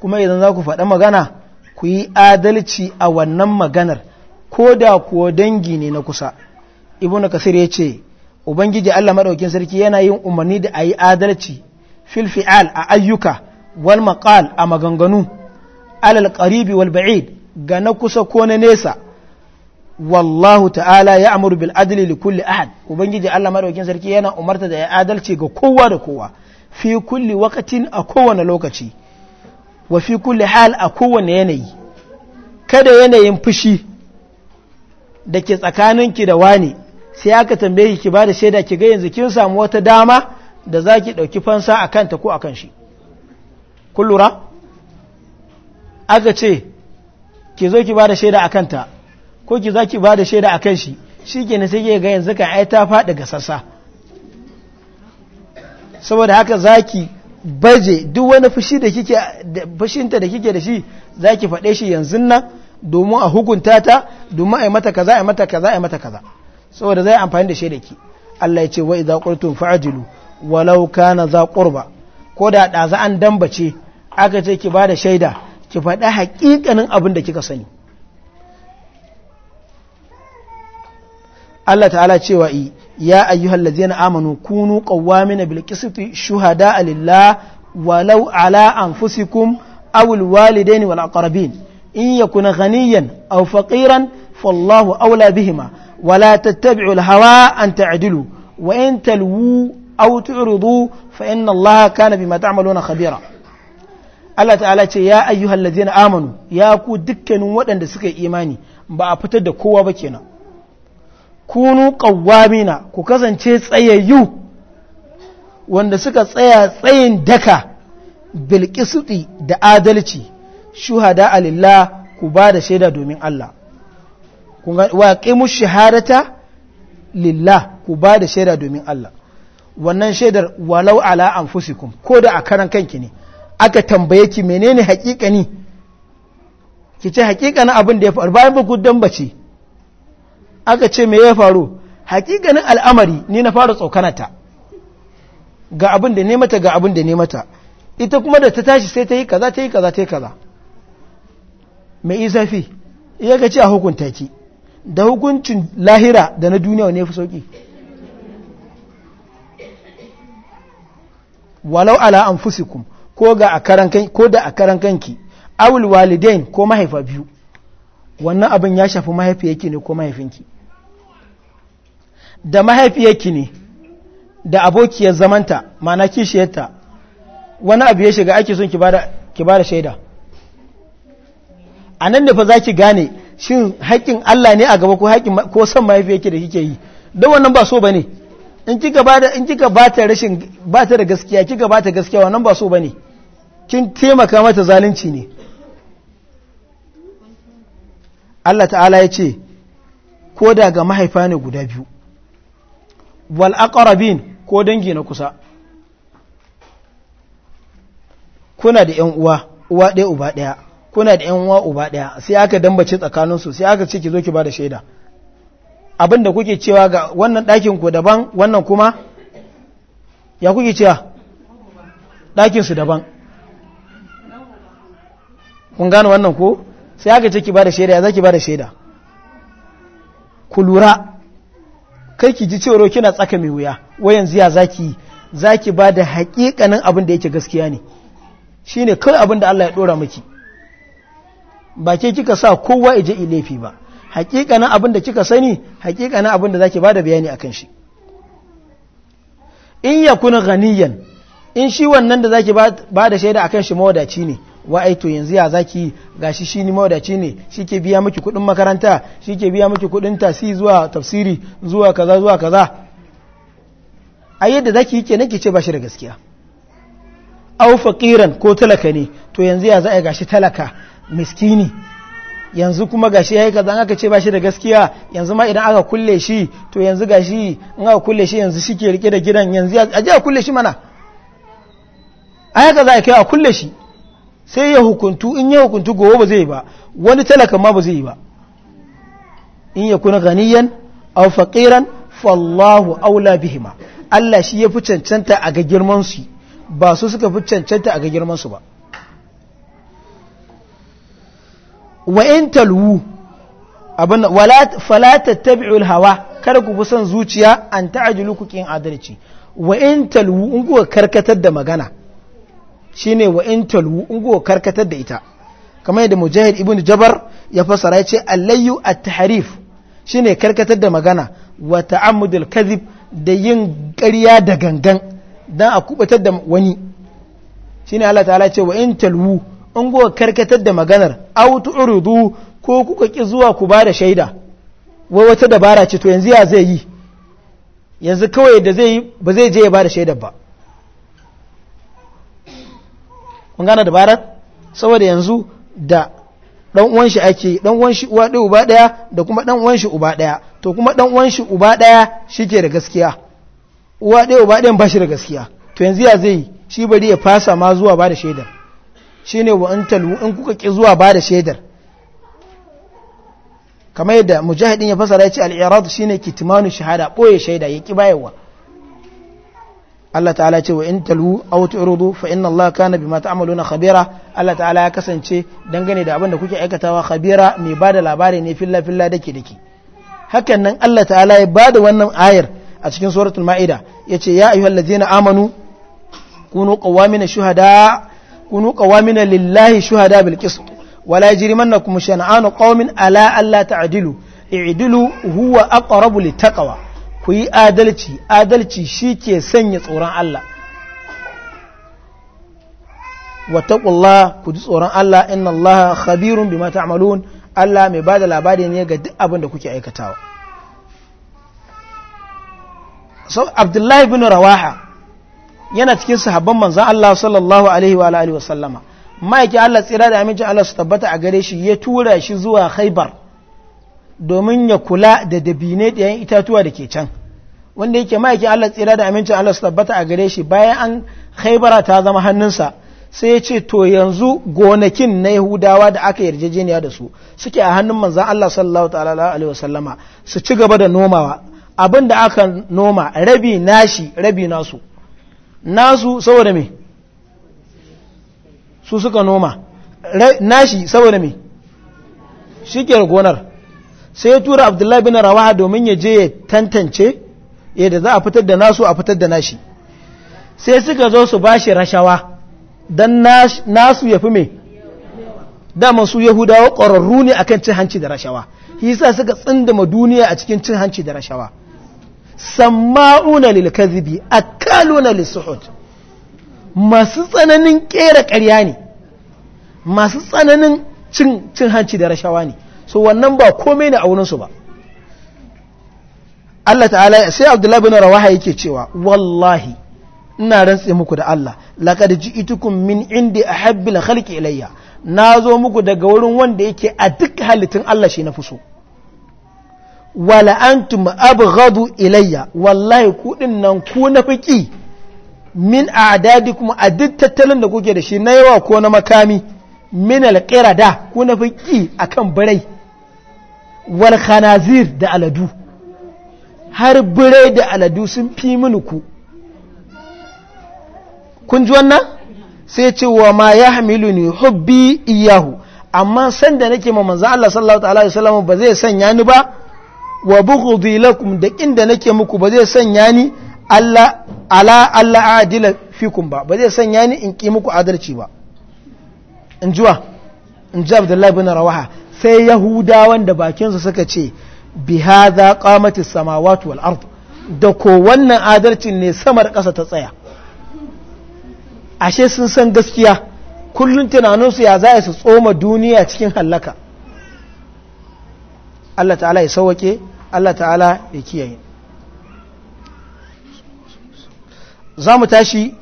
kuma idan za ku faɗa magana ku yi adalci a wannan maganar ko da kuwa dangi ne na kusa ibnu kasir ya ce ubangiji Allah maɗaukin sarki yana yin umarni da a yi adalci fil a ayyuka wal maqal a maganganu alal qaribi wal ba'id ga na kusa ko na nesa wallahu ta'ala ya amuru bil adli li kulli ahad ubangiji Allah madaukin sarki yana umarta da ya adalci ga kowa da kowa fi kulli wakatin a kowane lokaci wa fi kulli hal a kowane yanayi kada yanayin fushi da ke tsakanin ki da wani sai aka tambaye ki ba da shaida ki ga yanzu kin samu wata dama da za ki ɗauki fansa a kanta ko a kan shi kun aka ce ki zo ki ba da shaida a kanta ko ki za ki ba da shaida a kan shi shi ke sai ke ga yanzu kan ai ta faɗi ga sassa saboda haka za ki baje duk wani fushi da kike fushinta da kike da shi zaki faɗe shi yanzu nan domin a hukunta ta domin ai mata kaza ai mata kaza ai mata kaza saboda zai amfani da ki. Allah ya ce wa idza qultum fa'dilu walau kana za qurba ko da da za an dambace aka ce ki bada shaida ki fada haƙiƙanin abin da kika sani Allah ta'ala cewa i ya ayyuhal ladzina amanu kunu qawwamina bil qisti shuhada lillah walau ala anfusikum aw al walidaini wal aqrabin in yakuna ghaniyan aw faqiran fallahu awla bihima ولا تتبعوا الهوى أن تعدلوا وإن تلووا أو تعرضوا فإن الله كان بما تعملون خبيرا Allah ta'ala ce ya ayyuhal ladzina amanu ya ku dukkanin waɗanda suka yi imani ba a fitar da kowa ba kenan kunu ƙawwamina ku kasance tsayayyu wanda suka tsaya tsayin daka bilkisuɗi da adalci shuhada alillah ku ba shaida domin Allah wa ƙimu shahadata lillah ku ba shaida domin Allah wannan shaidar walau ala anfusikum ko da a karan kanki ne aka tambaye ki menene haƙiƙani ki ce haƙiƙanin abin da ya faru bayan ba ku dambace aka ce me ya faru hakikanin al'amari ni na fara tsokanata ga abin da nemata ga abin da nemata ita kuma da ta tashi sai ta yi kaza ta yi kaza ta yi kaza mai isafi iya kace ce a hukunta ki da hukuncin lahira da na duniya ne fi sauki walau ala'an anfusikum ko ko da a karan kanki awul walidain ko mahaifa biyu wannan abin ya shafi mahaifiyarki ne ko mahaifinki da mahaifiyarki ne da abokiyar zamanta mana kishiyarta wani abu ya shiga ake sun ki ba da shaida a nan da fa za ki gane shin haƙƙin Allah ne a gaba ko son ko mahaifiyarki da kike yi don wannan ba so ba ne? in kika ba ta rashin ba ta da gaskiya kika ba ta gaskiya wannan ba so ba ne? kin taimaka mata zalunci ne Allah ta'ala ya ce ko da ga mahaifa ne guda biyu wal aqrabin ko dangi na kusa kuna da ƴan uwa uwa ɗaya uba ɗaya kuna da ƴan uwa uba ɗaya sai aka dambace tsakaninsu sai aka ce ki zo ki bada shaida abin da kuke cewa ga wannan ɗakin ku daban wannan kuma ya kuke cewa ɗakin su daban kun gane wannan ko sai aka ce ki ba da shaida ya za ki ba da shaida ku lura kai ki ji cewar kina tsaka mai wuya wayan ziya za ki za ki ba da haƙiƙanin abin da yake gaskiya ne shi ne kai abin da Allah ya ɗora miki ba ke kika sa kowa ije ilefi ba haƙiƙanin abin da kika sani haƙiƙanin abin da za ki ba da bayani a kan shi in ya kuna ganiyan in shi wannan da za ki ba da shaida akan shi mawadaci ne wa ai to yanzu ya zaki gashi shi ni mawadaci ne shi ke biya miki kuɗin makaranta shi ke biya miki kuɗin tasi zuwa tafsiri zuwa kaza zuwa kaza a yadda zaki yi kenan ki ce ba shi da gaskiya au faqiran ko talaka ne to yanzu ya zaa gashi talaka miskini yanzu kuma gashi yayi kaza aka ce ba shi da gaskiya yanzu ma idan aka kulle shi to yanzu gashi in aka kulle shi yanzu shi ke rike da gidan yanzu aje a kulle shi mana a kaza za a kai a kulle shi sai ya hukuntu in ya hukuntu gowa ba zai ba wani talaka ma ba zai ba in ya kuna ganiyan a faƙiran fallahu aula bihima Allah shi ya fi cancanta a ga girmansu ba su suka fi cancanta a ga girmansu ba wa in talwu abin tabi'ul hawa kada ku bi son zuciya an ta'jilu ku kin adalci wa in talwu in ku karkatar da magana shine wa in talwu in go karkatar da ita kamar yadda mujahid ibn jabar ya fasara ya ce allayyu at-tahrif shine karkatar da magana wa ta'ammudul kadhib da yin ƙarya da gangan dan a kubatar da wani shine Allah ta'ala ya ce wa in talwu in karkatar da maganar aw tu'ridu ko kuka ki zuwa ku ba da shaida wai wata dabara ce to yanzu ya zai yi yanzu kawai da zai ba zai je ya ba da shaidar ba kun gane dabarar saboda yanzu da dan uwan shi ake dan uwan shi uwa ɗaya uba ɗaya da kuma dan uwan shi uba ɗaya to kuma dan uwan shi uba ɗaya shike da gaskiya uwa ɗaya uba ɗayan ba shi da gaskiya to yanzu ya zai shi bari ya fasa ma zuwa ba da shaidar shine wa an talu in kuka ki zuwa ba da shaidar kamar yadda mujahidin ya fasara ya ce al iradu shine kitmanu shahada boye shaida ya ki bayarwa Allah ta'ala ce wa in talhu aw tu'ridu fa inna Allah kana bima ta'maluna khabira Allah ta'ala ya kasance dangane da abin da kuke aikatawa khabira mai bada labari ne filla filla dake dake hakan nan Allah ta'ala ya bada wannan ayar a cikin suratul ma'ida yace ya ayyuhallazina amanu kunu qawamina shuhada kunu qawamina lillahi shuhada bil qist wala yajrimannakum shan'anu qaumin ala alla ta'dilu i'dilu huwa aqrabu littaqwa ku yi adalci adalci shi ke sanya tsoron Allah ƙulla ku ji tsoron Allah inna Allah khabirun mata amalun Allah mai ba da labari ne ga duk abin da kuke aikatawa so Abdullahi bin Rawaha yana cikin sahabban manzan Allah sallallahu alaihi wa alihi wa sallama ma'aikin Allah tsira da aminci Allah su tabbata a gare shi ya tura shi zuwa Khaibar domin ya kula da dabine da yan itatuwa da ke can wanda yake ma'aikin Allah tsira da amincin Allah su tabbata a gare shi bayan an haibara ta zama hannunsa sai ya ce to yanzu gonakin na yahudawa da aka yarjejeniya da su suke a hannun manzan Allah sallallahu ta'ala alaihi wasallama su ci gaba da nomawa abin da aka noma rabi nashi rabi nasu nasu saboda me su suka noma nashi saboda me shi gonar sai ya tura abdullahi bin rawaha domin ya je ya tantance yadda za a fitar da nasu a fitar da nashi sai suka zo su bashi rashawa don nasu ya fi mai dama su yahudawa ƙwararru ne akan cin hanci da rashawa hisa suka tsindama duniya a cikin cin hanci da rashawa samma'una lilkazibi a akaluna na masu tsananin ƙera ƙarya ne masu tsananin cin hanci da rashawa ne so wannan ba komai ne a wurin su ba Allah ta'ala sai Abdullahi bin Rawaha yake cewa wallahi ina rantse muku da Allah laqad ji'itukum min indi ahabbil khalqi ilayya nazo muku daga wurin wanda yake a duk halittun Allah shi na fuso wala antum abghadu ilayya wallahi ku din nan ku na fiki min a'dadikum a duk tattalin da kuke da shi na yawa ko na makami min alqirada ku na fiki akan barai? wal da aladu har birai da aladu sun fi mini ku kun ji wannan sai ce wa ma ya hamilu ni hubbi iyahu amma san da nake ma manzo Allah sallallahu alaihi wasallam ba zai sanya ni ba wa bughdi lakum da inda nake muku ba zai sanya ni Allah ala Allah adila fikum ba ba zai sanya ni in ki muku adalci ba in jiwa in ji Abdullahi bin Rawaha sai yahudawan da bakinsu suka ce bi haza qamatis samawati wal ard da ko wannan adalcin ne samar ƙasa ta tsaya ashe sun san gaskiya kullun tunaninsu ya za su tsoma duniya cikin halaka Allah ta'ala ya sauke Allah ta'ala ya kiyaye za mu tashi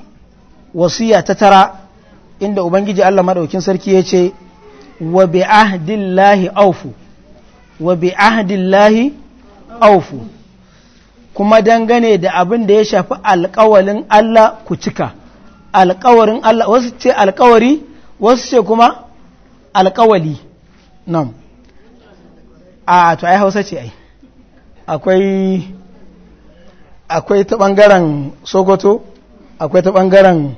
wasiya ta tara inda ubangiji Allah maɗaukin sarki ya ce wa bi ahdillahi aufu wa bi ahdillahi aufu kuma dangane da abin da ya shafi alkawarin Allah ku cika alkawarin Allah wasu ce alkawari wasu ce kuma alkawali nan a to ai hausa ce ai akwai akwai ta bangaren sokoto akwai ta bangaren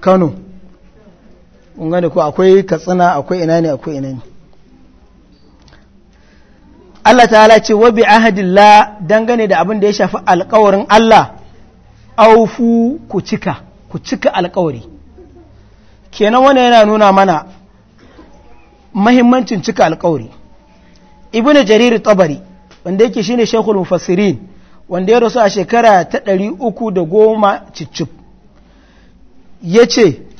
kano kun gani ko akwai katsina akwai ina ne akwai ina ne Allah ta'ala ce wa bi ahadillah dangane da abin da ya shafi alƙawarin Allah aufu ku cika ku cika alƙawari. kenan wannan yana nuna mana mahimmancin cika alƙawari. ibnu jarir tabari wanda yake shine shekul mufassirin wanda ya rasu a shekara ta 310 cicip yace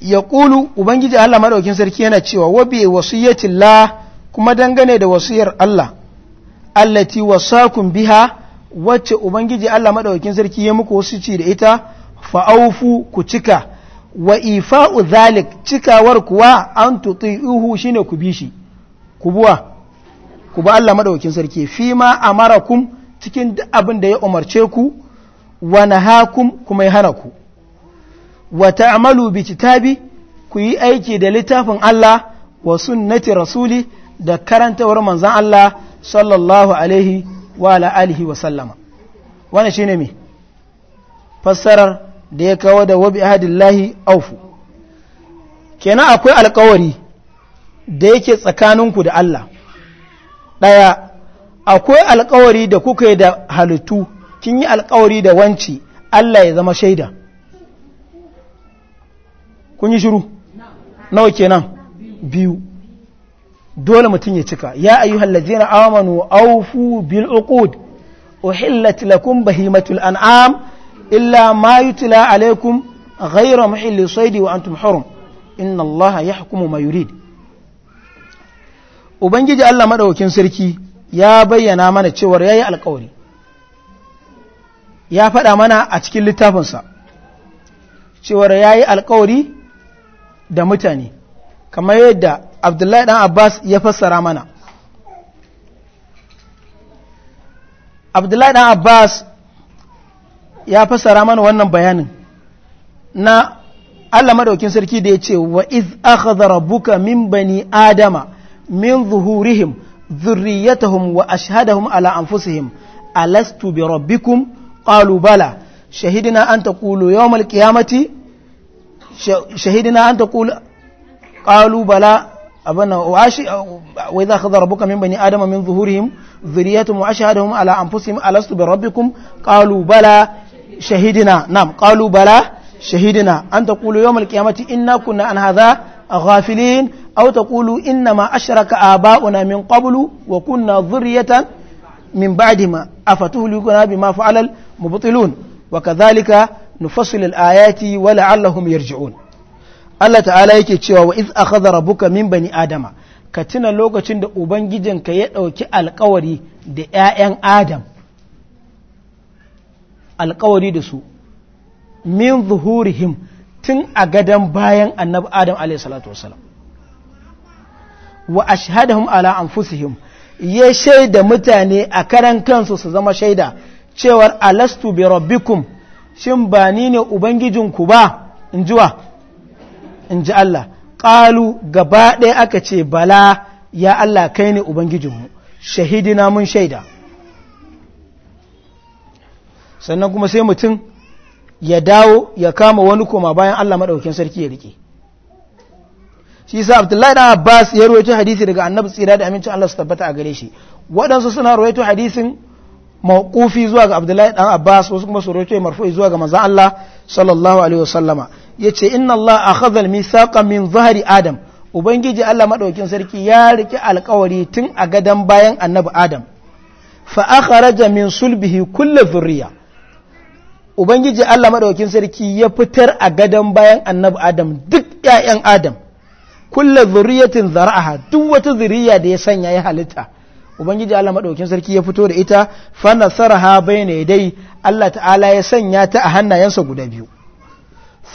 ya ƙulu ubangiji allah maɗaukin sarki yana cewa wabe wasiyyatin la kuma dangane da wasiyar allah allati wasakun biha wacce ubangiji allah maɗaukin sarki ya muku wasu ci da ita fa'aufu ku cika wa ifa'u zalik cikawar kuwa an tuti ihu shine ku bi shi ku buwa ku ba allah maɗaukin sarki fi ma kum cikin abin da ya umarce ku wa nahakum kuma ya hana ku Wata wa ta bi kitabi ku yi aiki da littafin Allah wa sunnati rasuli da karantawar manzon Allah sallallahu alaihi shine me fassarar da ya kawo da wabi ahadillahi aufu kenan akwai alkawari da yake tsakaninku da Allah ɗaya akwai alƙawari da kuka yi da halittu kin yi alkawari da wanci Allah ya zama shaida kun yi shiru nawa kenan biyu dole mutum ya cika ya ayyuhal ladzina amanu awfu bil uqud uhillat lakum bahimatul an'am illa ma yutla alaykum ghayra muhilli sayd wa antum hurum inna allaha yahkumu ma yurid ubangiji Allah madaukakin sarki ya bayyana mana cewa yayi alƙawari ya faɗa mana a cikin littafinsa cewar ya yi alkawari da mutane kamar yadda abdullahi dan abbas ya fassara mana abdullahi dan abbas ya fassara mana wannan bayanin na allah maɗaukin sarki da ya ce wa iz akhadha rabbuka min bani adama min zuhurihim dhurriyyatahum wa ashhadahum ala anfusihim alastu bi rabbikum qalu bala shahidina an taqulu yawm qiyamati شهدنا أن تقول قالوا بلى أبنا وعش وإذا أخذ ربك من بني آدم من ظهورهم ذريتهم وأشهدهم على أنفسهم ألست بربكم قالوا بلى شهدنا نعم قالوا بلى شهدنا أن تقول يوم القيامة إنا كنا عن هذا غافلين أو تقول إنما أشرك آباؤنا من قبل وكنا ذرية من بعدهما أفتهلكنا بما فعل المبطلون وكذلك nufassil al-ayati wa la'allahum yarji'un Allah ta'ala yake cewa wa iz akhadha rabbuka min bani adama ka tuna lokacin da ubangijinka ya ɗauki alƙawari da ƴaƴan adam alƙawari da su min zuhurihim tun a gadon bayan annabi adam alayhi salatu wasalam wa ashhadahum ala anfusihim ya shaida mutane a karan kansu su zama shaida cewar alastu bi rabbikum shin ba ni ne ubangijinku ba in wa? in ji Allah ƙalu gaba ɗaya aka ce bala ya Allah kai ne ubangijinmu shahidina mun shaida sannan kuma sai mutum ya dawo ya kama wani koma bayan Allah maɗaukin sarki ya rike shi sa abdullahi da abbas ya ruwaito hadisi daga annabi tsira da amincin Allah su tabbata a gare shi waɗansu suna ruwaito hadisin mawqufi zuwa ga Abdullahi dan Abbas wasu kuma su roce zuwa ga manzon Allah sallallahu alaihi wasallama yace inna Allah akhadha al-mithaqa min zahri Adam ubangiji Allah madaukin sarki ya riki alkawari tun a gadan bayan annabi Adam fa akhraja min sulbihi kullu dhurriya ubangiji Allah madaukin sarki ya fitar a gadan bayan annabi Adam duk ƴaƴan Adam kullu dhurriyatin zar'aha duk wata zuriya da ya sanya ya halitta ubangiji Allah maɗaukin sarki ya fito da ita fa bayyana ya dai Allah ta'ala ya sanya ta a hannayensa guda biyu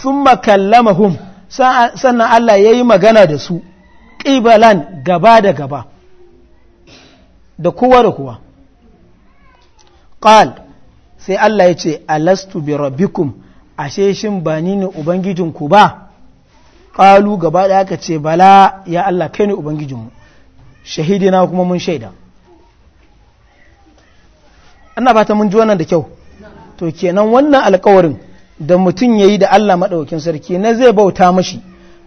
sun thumma mahum sannan Allah ya yi magana da su ƙibalan gaba da gaba da kowa da kowa ƙal sai Allah ya ce alastu bi rabbikum ashe shin ba ni ne ubangijinku ba ƙalu gaba da aka ce bala ya Allah kai ne ubangijinmu shahidina kuma mun shaida ana ba ta mun ji wannan da kyau to kenan wannan alƙawarin da mutum ya yi da Allah maɗaukin sarki na zai bauta mashi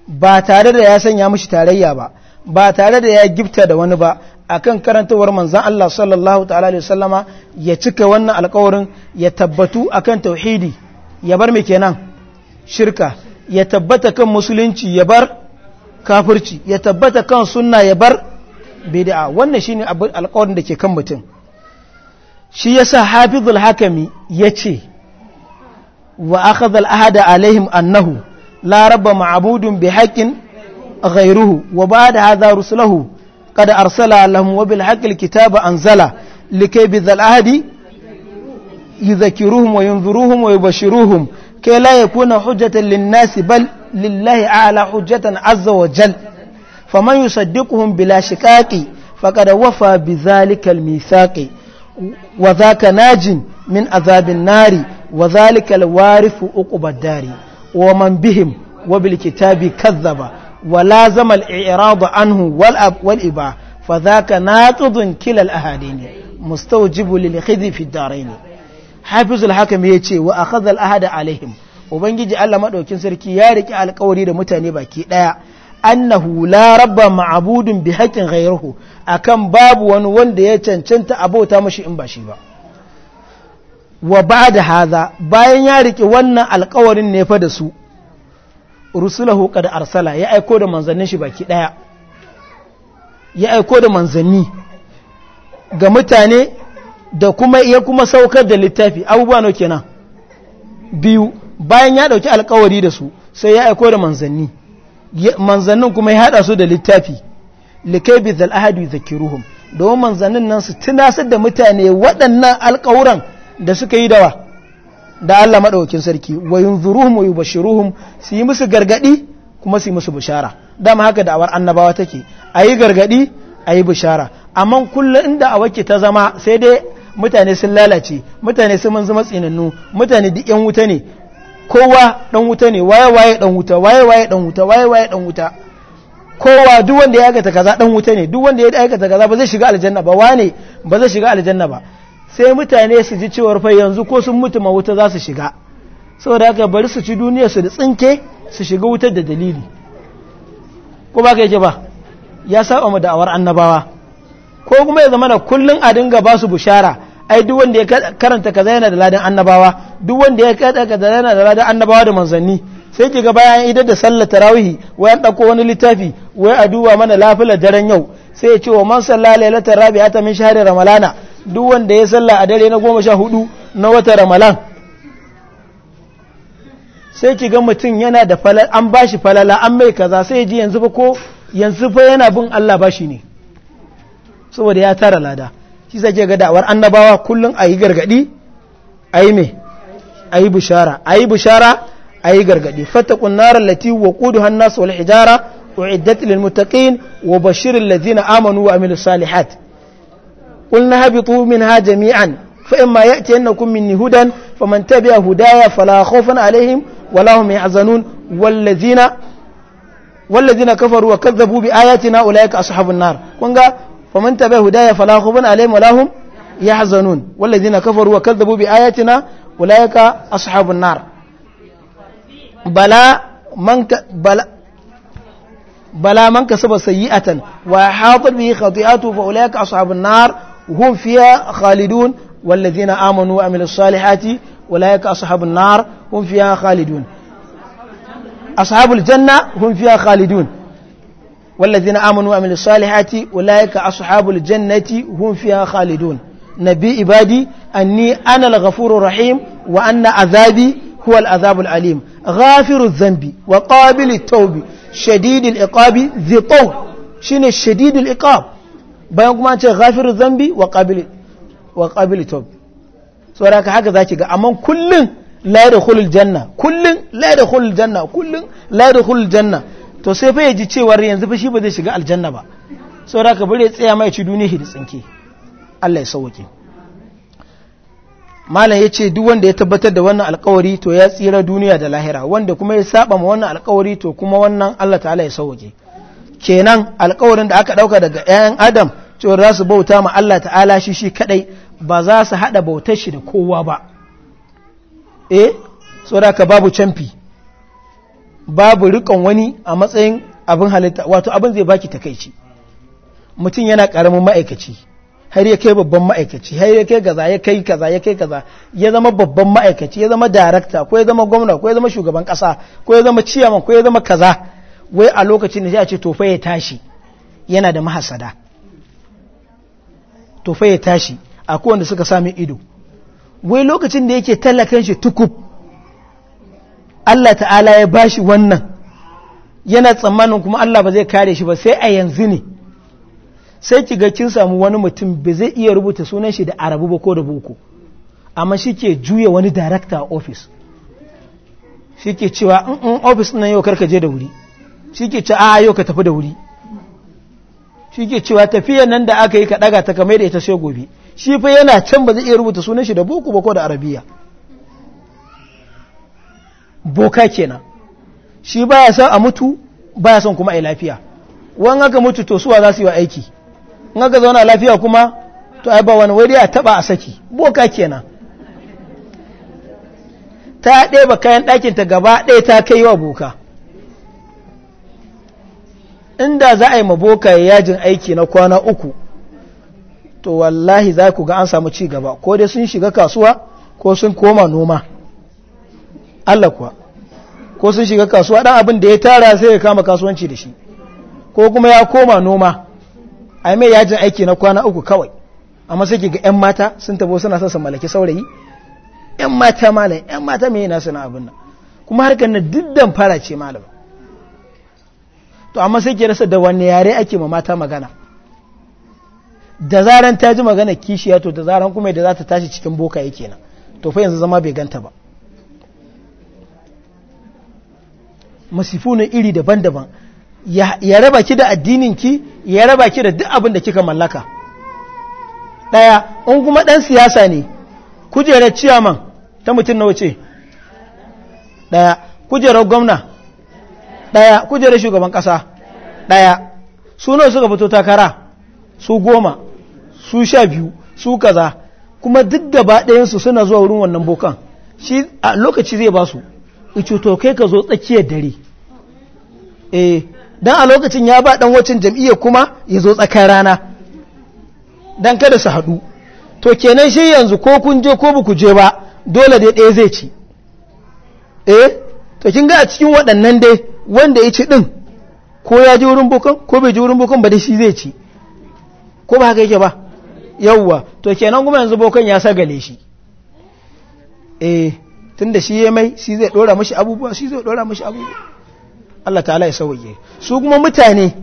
ba tare da ya sanya mashi tarayya ba ba tare da ya gifta da wani ba akan karantawar manzan Allah sallallahu ta'ala sallama ya cika wannan alƙawarin ya tabbatu akan tauhidi ya bar mai kenan shirka ya tabbata kan musulunci ya bar kafirci ya tabbata kan sunna ya bar bid'a wannan shine alƙawarin da ke kan mutum shi yasa hafizul hakami ya ce wa akhadha ahada alaihim annahu la rabba ma'budun bi haƙin ghairuhu wa ba'da hadha rusulahu kada arsala lahum wa bil haqqi kitaba anzala likay bi dhal ahadi yudhakkiruhum wa yunziruhum wa yubashiruhum kay la yakuna hujjatan lin nas bal lillahi a'la hujjatan azza wa jal faman yusaddiquhum bila shikaqi faqad wafa bi dhalika al wa zaka najin min azabin nari wa zalikal warifu uqubad dari wa man bihim wa bil kitabi kazzaba wa lazama al i'rad anhu wal ab wal iba fa zaka naqidun kila al ahadin mustawjibu lil khidhi fi darain hafizul hakim yace wa akhadha al ahada alaihim ubangiji Allah madaukin sarki ya riki alkawari da mutane baki ɗaya. annahu la rabba ma'budun bi haƙin ghayruhu akan babu wani wanda ya cancanta abota mashi in ba shi ba wa ba'da haza bayan ya rike wannan alƙawarin ne fa da su rusulahu qad arsala ya aiko da manzannin shi baki ɗaya ya aiko da manzanni ga mutane da kuma ya kuma saukar da littafi abubuwa no kenan biyu bayan ya ɗauki alƙawari da su sai ya aiko da manzanni manzannin kuma ya haɗa su da littafi likai bi zal ahadi yadhkiruhum domin manzannin nan su tunasar da mutane waɗannan alƙawuran da suka yi dawa da Allah maɗaukin sarki wa yunzuruhum wa su yi musu gargaɗi kuma su yi musu bishara dama haka da awar annabawa take ayi gargadi ayi bishara amma kullum inda a wake ta zama sai dai mutane sun lalace mutane sun zama tsinannu mutane duk yan wuta ne kowa dan wuta ne waye waye dan wuta waye waye dan wuta waye waye dan wuta kowa duk wanda ya aikata kaza dan wuta ne duk wanda ya aikata kaza ba zai shiga aljanna ba wane ba zai shiga aljanna ba sai mutane su ji cewar fa yanzu ko sun mutu ma wuta za su shiga saboda haka bari su ci duniya su da tsinke su shiga wutar da dalili ko ba ka yake ba ya saba mu da'awar annabawa ko kuma ya zama na kullun a dinga ba su bushara ai duk wanda ya karanta kaza yana da ladan annabawa duk wanda ya kada da yana da ladan annabawa da manzanni sai ki ga bayan idar da sallar tarawih wai an ɗauko wani littafi wai a duba mana lafilar daren yau sai ya ce wa man salla lailatul ta min shahri ramalana duk wanda ya salla a dare na 14 na watan ramalan sai ki ga mutum yana da falala an bashi falala an mai kaza sai ji yanzu fa ko yanzu fa yana bin Allah bashi ne saboda ya tara lada shi sai ga da'awar annabawa kullun ayi gargadi ayi me ayi yi bishara a yi bishara gargaɗi fataƙun narar latin wa ƙudu hannar su wa iddatilin mutaƙin wa bashirin lazina amanu wa amilu salihat ƙul na haɓi tumin ha jami'an fa'in ma ya'ti yana kummin hudan faman ta hudaya falakofin alaihim walahu mai azanun wallazina wallazina kafaru wa kazzabu bi ayatina ulaika ashabun nar kun ga hudaya falakofin alaihim walahu ya hazanun wallazina kafaru wa kazzabu bi ayatina أولئك أصحاب النار بلا من ك... بلا بلا من كسب سيئة وحاط به خطيئته فأولئك أصحاب النار وهم فيها خالدون والذين آمنوا وعملوا الصالحات أولئك أصحاب النار هم فيها خالدون أصحاب الجنة هم فيها خالدون والذين آمنوا وعملوا الصالحات أولئك أصحاب الجنة هم فيها خالدون نبي عبادي anni ana al rahim wa anna azabi huwa al-azab al-alim ghafiruz zambi wa qabilut tawbi shadidul iqabi dhi taw shine shadidul iqab bayan kuma ce ghafiruz zambi wa qabilut wa qabilut tawbi saboda haka zaki ga amma kullun la yadkhulul janna kullun la yadkhulul janna kullun la yadkhulul janna to sai fa ya yaji cewa yanzu fa shi ba zai shiga aljanna ba saboda ka bari bare tsaya mai ci duniya da tsinke Allah ya sauke malam ya ce duk wanda ya tabbatar da wannan alkawari to ya tsira duniya da lahira wanda kuma ya saba ma wannan alkawari to kuma wannan Allah ta'ala ya sauke kenan alkawarin da aka dauka daga ƴaƴan adam to za su bauta ma Allah ta'ala shi shi kadai ba za su hada bautar shi da kowa ba eh da ka babu canfi babu rikon wani a matsayin abin halitta wato abin zai baki takaici mutum yana karamin ma'aikaci har ya kai babban ma'aikaci har ya kai kaza ya kai kaza ya kai kaza ya zama babban ma'aikaci ya zama darakta ko ya zama gwamna ko ya zama shugaban kasa ko ya zama ciyaman ko ya zama kaza wai a lokacin da ya a ce tofa ya tashi yana da mahasada tofa ya tashi a wanda suka sami ido wai lokacin da yake tallakan shi tukub Allah ta'ala ya bashi wannan yana tsammanin kuma Allah ba zai kare shi ba sai a yanzu ne sai ki ga kin samu wani mutum ba zai iya rubuta sunan shi da arabu ba ko da boko amma shi ke juya wani darakta a ofis shi ke cewa mm, mm, in ofis nan yau karka je da wuri shi ke ce a yau ka tafi da wuri shi ke cewa tafiyan nan da aka yi ka daga ta kamar da ita sai gobe shi fa yana can ba zai iya rubuta sunan shi da boko ba ko da arabiya boka kenan shi baya son a mutu baya son kuma a lafiya wani aka mutu to suwa za su yi wa aiki in zauna lafiya kuma to ai ba wani wai dai a taba a saki boka kenan ta ba kayan ɗakin ta gaba ɗaya ta kai wa boka inda za a yi maboka ya yajin aiki na kwana uku to wallahi za ku ga an samu ci gaba ko dai sun shiga kasuwa ko sun koma noma Allah kuwa ko sun shiga kasuwa ɗan abin da ya tara sai ya kama kasuwanci da shi ko kuma ya koma noma a mai yajin aiki na kwana uku kawai amma sai ga 'yan mata sun tabo suna sassa malaki saurayi 'yan mata malam 'yan mata mai yana suna abin nan kuma harkar na diddan fara ce malam to amma sai ke rasa da wani yare ake ma mata magana da zaran ta ji magana kishiya to da zaran kuma da za ta tashi cikin boka yake nan to fa yanzu zama bai ganta ba masifuna iri daban-daban ya raba ki da addininki ya raba ki da duk abin da kika mallaka ɗaya in kuma ɗan siyasa ne kujerar ciyaman ta mutum nawa ce ɗaya kujerar gwamna ɗaya kujerar shugaban ƙasa ɗaya su nawa suka fito takara su goma su sha biyu su kaza kuma duk gaba ɗayansu suna zuwa wurin wannan bokan shi a lokaci zai ba su icuto kai ka zo tsakiyar dare eh don a lokacin ya ba dan wacin jam'iyya kuma ya zo tsakar rana don kada su haɗu to kenan shi yanzu ko kun je ko buku je ba dole dai ɗaya zai ci eh to kin ga a cikin waɗannan dai wanda ya ci ɗin ko ya ji wurin bukan ko bai ji wurin bukan ba da shi zai ci ko ba haka yake ba yawwa to kenan kuma yanzu bokan ya sagale shi eh tunda shi ya mai shi zai dora mashi abubuwa shi zai dora mashi abubuwa Allah ta ala ya sauye su kuma mutane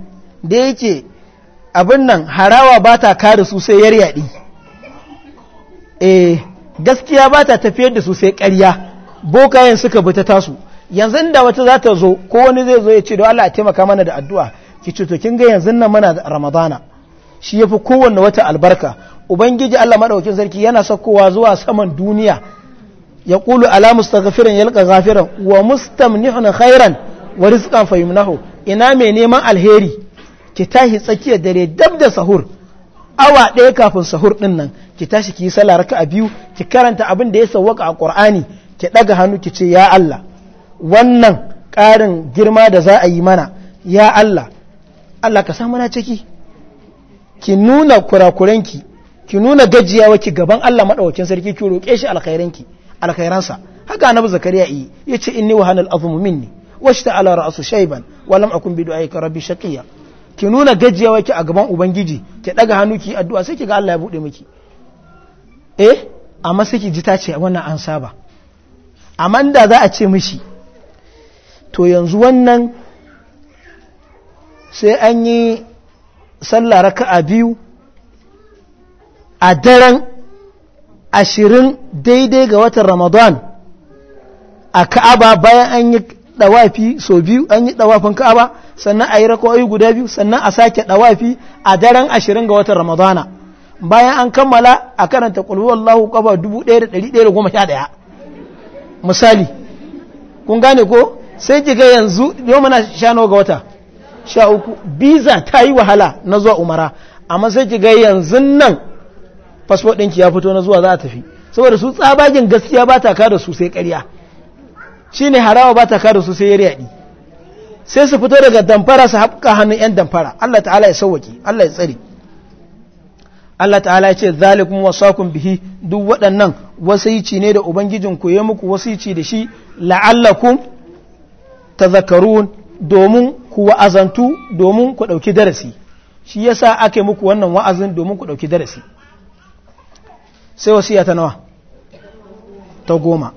da yake abin nan harawa ba ta kare su sai yaryadi eh gaskiya ba ta tafiyar da su sai ƙarya bokayen suka bi ta tasu yanzu da wata za ta zo ko wani zai zo ya ce da Allah a taimaka mana da addu'a ki ce to kin ga yanzu nan muna ramadana shi yafi kowanne wata albarka ubangiji Allah maɗaukin sarki yana sakowa zuwa saman duniya ya kulu ala mustaghfirin yalqa ghafiran wa mustamnihun khairan wa rizqan fayumnahu ina mai neman alheri ki tashi tsakiyar dare dab da sahur awa ɗaya kafin sahur ɗin nan ki tashi ki yi sallah raka'a biyu ki karanta abin da ya sawwaka a Qur'ani ki ɗaga hannu ki ce ya Allah wannan ƙarin girma da za a yi mana ya Allah Allah ka samu na ciki ki nuna kurakuranki ki nuna gajiyawa ki gaban Allah madaukakin sarki ki roƙe shi alkhairanki alkhairansa haka annabi zakariya yi yace inni wahanal azmu minni shayban wa lam akun bi بدعائك rabbi shaqiya ki nuna gajiyawa ki a gaban ubangiji ki daga hannu ki addu'a sai ki ga Allah ya bude miki eh amma sai ki ji ta ce wannan an saba amma da za a ce mishi to yanzu wannan sai an yi sallah raka'a biyu a daren ashirin daidai ga watan ramadan a ka'aba bayan an yi dawafi so biyu an yi dawafin ka'aba sannan a yi rakawai guda biyu sannan a sake dawafi a daren ashirin ga watan ramadana bayan an kammala a karanta kulhu wallahu kafa ɗaya misali kun gane ko sai kiga yanzu yau mana sha nawa ga wata sha uku biza ta yi wahala na zuwa umara amma sai kiga yanzu nan fasfo ɗinki ya fito na zuwa za a tafi saboda su tsabagen gaskiya ba ta kada su sai ƙarya shi ne harawa ba ta kada su sai ya riyaɗi sai su fito daga damfara su haɓuka hannun 'yan damfara Allah ta'ala ya sauwaki Allah ya tsari Allah ta'ala ya ce zalikum wasakun bihi duk waɗannan wasici ne da ubangijin ku ya muku wasici da shi la'allakum tazakkarun domin ku wa'azantu domin ku ɗauki darasi shi yasa ake muku wannan wa'azin domin ku ɗauki darasi sai wasiya ta nawa ta goma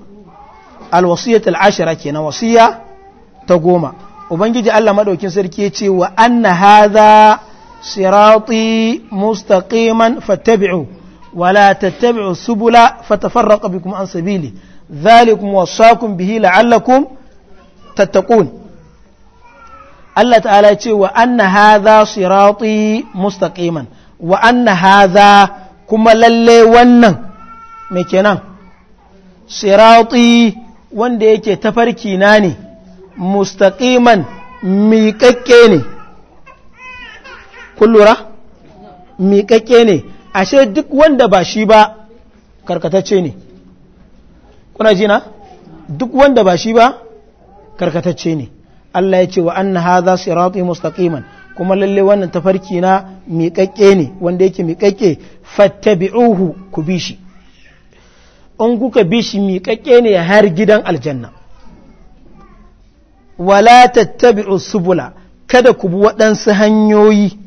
alwasiyatul ashira kenan wasiya ta goma ubangiji Allah madaukin sarki ya ce wa anna hadha sirati mustaqiman fattabi'u wa tattabi'u subula fatafarraqa bikum an sabili dhalikum wasaqum bihi la'allakum tattaqun Allah ta'ala ya ce wa anna hadha sirati mustaqiman wa anna hadha kuma lalle wannan me kenan sirati wanda yake tafarki na ne mustaqiman miƙaƙƙe ne kullura miƙaƙƙe ne ashe duk wanda ba shi ba karkatacce ne kuna jina duk wanda ba shi ba karkatacce ne Allah ya ce wa anna hadha sirati mustaƙiman kuma lalle wannan tafarki na miƙaƙƙe ne wanda yake miƙaƙƙe fattabi'uhu ku bi shi in kuka bi shi miƙaƙƙe ne har gidan aljanna wala tabi subula kada ku bi waɗansu hanyoyi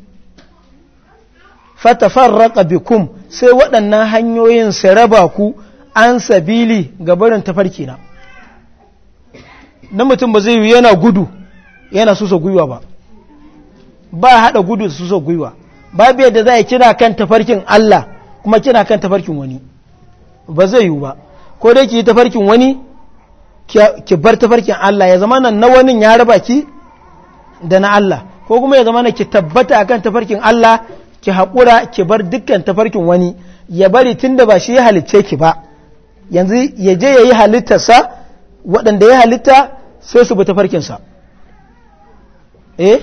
fatafarraqa bikum sai waɗannan hanyoyin su raba ku an sabili ga barin tafarki na na mutum ba zai yi yana gudu yana suso gwiwa ba ba haɗa gudu da suso gwiwa babu da za a kira kan tafarkin Allah kuma kira kan tafarkin wani ba zai yiwu ba ko dai ki yi tafarkin wani ki bar tafarkin Allah ya zama nan na wani ya raba ki da na Allah ko kuma ya zama na ki tabbata akan tafarkin Allah ki haƙura ki bar dukkan tafarkin wani ya bari tun da ba shi ya halicce ki ba yanzu ya je ya yi halittarsa waɗanda ya halitta sai su bi tafarkinsa eh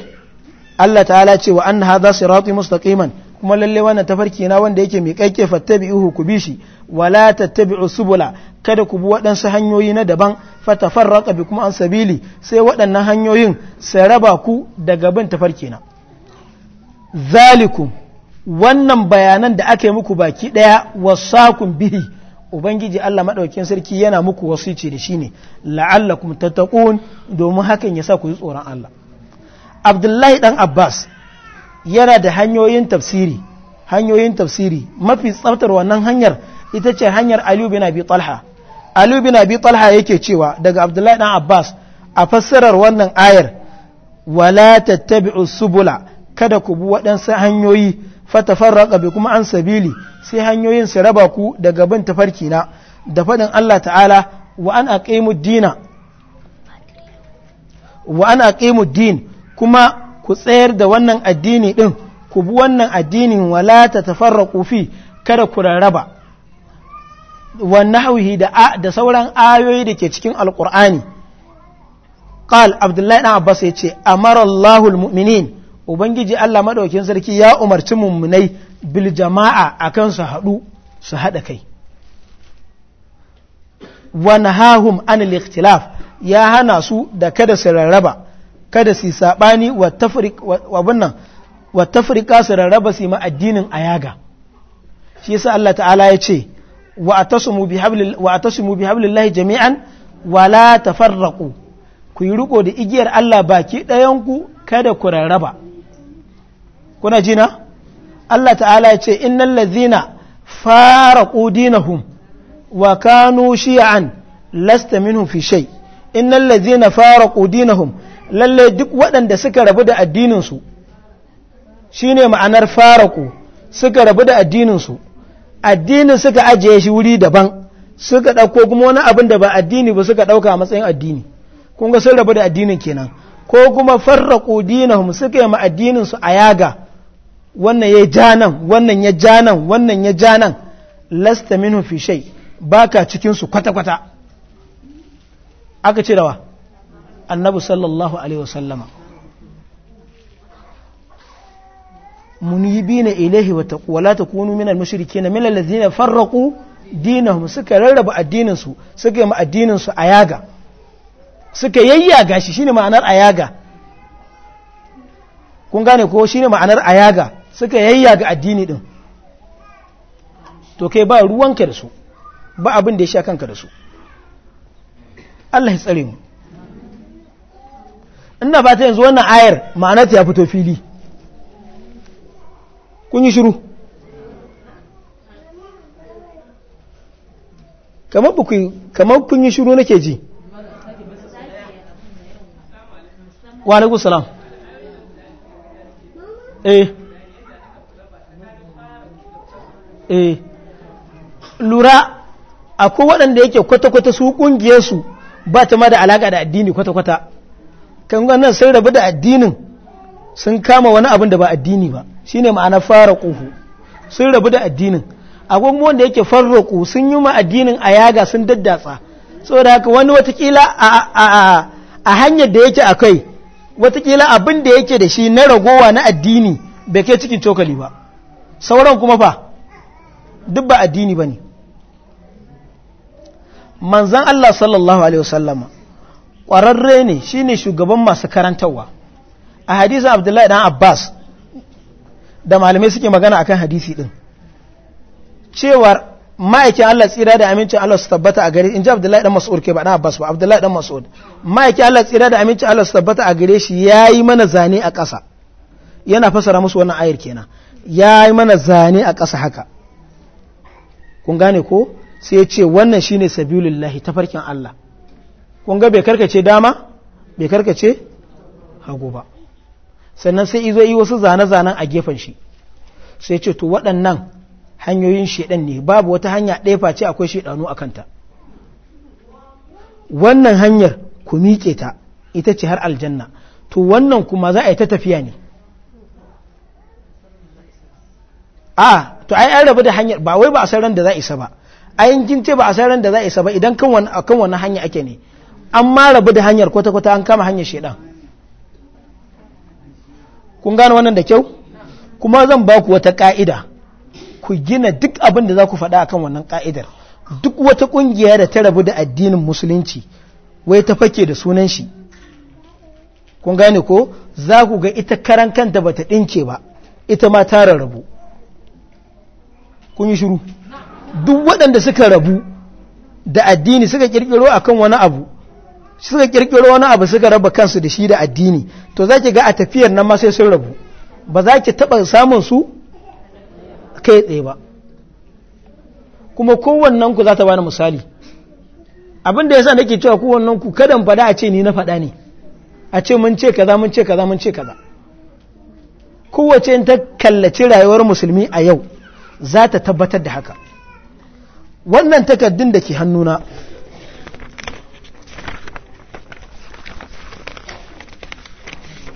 Allah ta'ala ce wa an haza siratun mustaqiman kuma lalle wannan tafarki na wanda yake miƙaƙƙe fattabi'uhu ku bi shi wala tattabi'u subula kada ku bi waɗansu hanyoyi na daban fatafarraqa bikum an sabili sai waɗannan hanyoyin sai raba ku daga bin tafarkina zalikum wannan bayanan da aka muku baki ɗaya wasakun bihi ubangiji Allah maɗaukin sarki yana muku wasici da shine la'allakum tattaqun domin hakan ya sa ku yi tsoron Allah Abdullahi dan Abbas yana da hanyoyin tafsiri hanyoyin tafsiri mafi tsaftar wannan hanyar ita ce hanyar aliyu bin abi talha aliyu bin abi talha yake cewa daga abdullahi dan abbas a fassarar wannan ayar wala tattabi'u subula kada ku bi waɗansu hanyoyi fatafarraqa bi kuma an sabili sai hanyoyin su raba ku daga bin tafarki na da faɗin Allah ta'ala wa an aqimu dina wa an aqimu din kuma ku tsayar da wannan addini din ku bi wannan addinin wala tatafarraqu fi kada ku rarraba ونحوه da sauran ayoyi da ke cikin alkur'ani qal abdullahi na abbas ce amara allahul mu'minin ubangiji Allah madaukin sarki ya umarci muminai bil jama'a akan su hadu su hada kai wa nahahum an al-ikhtilaf ya hana su da kada su rarraba kada su sabani wa tafriq wa bunnan wa tafriqa su rarraba su ma addinin ayaga shi yasa Allah ta'ala ya ce wa'atasumu bi hablillahi jami'an wala tafarraqu ku yi riko da igiyar Allah baki ɗayanku kada ku rarraba kuna jina Allah ta'ala ya ce innal ladzina faraqu dinahum wa kanu shi'an lasta minhum fi shay innal ladzina faraqu dinahum lalle duk waɗanda suka rabu da addinin su shine ma'anar faraqu suka rabu da addinin su addinin suka ajiye shi wuri daban suka ɗauko kuma wani abin da ba addini ba suka ɗauka a matsayin addini kun ga sun rabu da addinin kenan ko kuma farraƙo dinahum suka yi ma addinin su a yaga wannan ya ja nan wannan ya ja nan wannan ya ja nan lasta minhu fi shay baka cikin su kwata kwata aka ce dawa annabi sallallahu alaihi wasallama munibina ilahi wa la takunu min al mushrikeen min allazina farraqu dinahum suka rarraba addinin su suka yi addinin su ayaga suka yayyaga shi shine ma'anar ayaga kun gane ko shine ma'anar ayaga suka yayyaga addini din to kai ba ruwanka da su ba abin da ya sha kanka da su Allah ya tsare mu ina ba ta yanzu wannan ayar ma'anar ta fito fili kun yi shiru kamar ba kamar kun yi shiru nake ji wa alaikum salam eh eh lura akwai waɗanda yake kwata-kwata su ƙungiyarsu ba ta ma da alaƙa da addini kwata-kwata kan nan sai rabu da addinin sun kama wani abin da ba addini ba shine ma'ana fara ƙuhu sun rabu da addinin a kuma wanda yake ƙuhu sun yi ma addinin a yaga sun daddatsa da haka wani watakila a hanyar da yake akai watakila abin da yake da shi na ragowa na addini bai kai cikin cokali ba sauran kuma fa duk ba addini ba ne manzan Allah sallallahu Alaihi wasallama ƙwararre ne shi ne shugaban masu karantarwa a hadisin abdullahi dan abbas da malamai suke magana a kan hadisi din cewar ma'aikin Allah tsira da amincin Allah su tabbata a gare in ji Abdullahi dan masu ke ba dan Abbas ba Abdullahi dan masu Mas'ud ma'aikin Allah tsira da amincin Allah su tabbata a gare shi ya yi mana zane a ƙasa yana fassara musu wannan ayar kenan yi mana zane a ƙasa haka kun gane ko sai ya ce wannan shine ta tafarkin Allah kun ga bai karkace dama bai karkace hagu ba sannan sai izo yi wasu zane-zanen a gefen shi sai ce to waɗannan hanyoyin shedan ne babu wata hanya ɗaya face akwai shedanu a kanta wannan hanyar ku miƙe ta ita ce har aljanna to wannan kuma za a yi ta tafiya ne a to ai an rabu da hanyar ba wai ba a san ran da za a isa ba ayin kin ce ba a san ran da za a isa ba idan kan wani akan wani hanya ake ne an ma rabu da hanyar kwata kwata an kama hanyar shedan kun gane wannan da kyau kuma zan ba ku wata ka'ida ku gina duk abin da za ku faɗa akan wannan ka'idar duk wata ƙungiya da ta rabu da addinin musulunci wai ta fake da sunan shi kun gane ko za ku ga ita karan kanta ba ta ɗinke ba ita ma ta rabu kun yi shiru duk waɗanda suka rabu da addini suka ƙirƙiro akan wani abu suka kirkiro wani abu suka raba kansu da shi da addini to za ki ga a tafiyar nan ma sai sun rabu ba za ki taɓa samun su kai tsaye ba kuma kowannen ku za ta bani misali abin da ya yasa nake cewa kowannen ku kadan fada a ce ni na fada ne a ce mun ce kaza mun ce kaza mun ce kaza kowace ta kallaci rayuwar musulmi a yau za ta tabbatar da haka wannan takardun da ke hannuna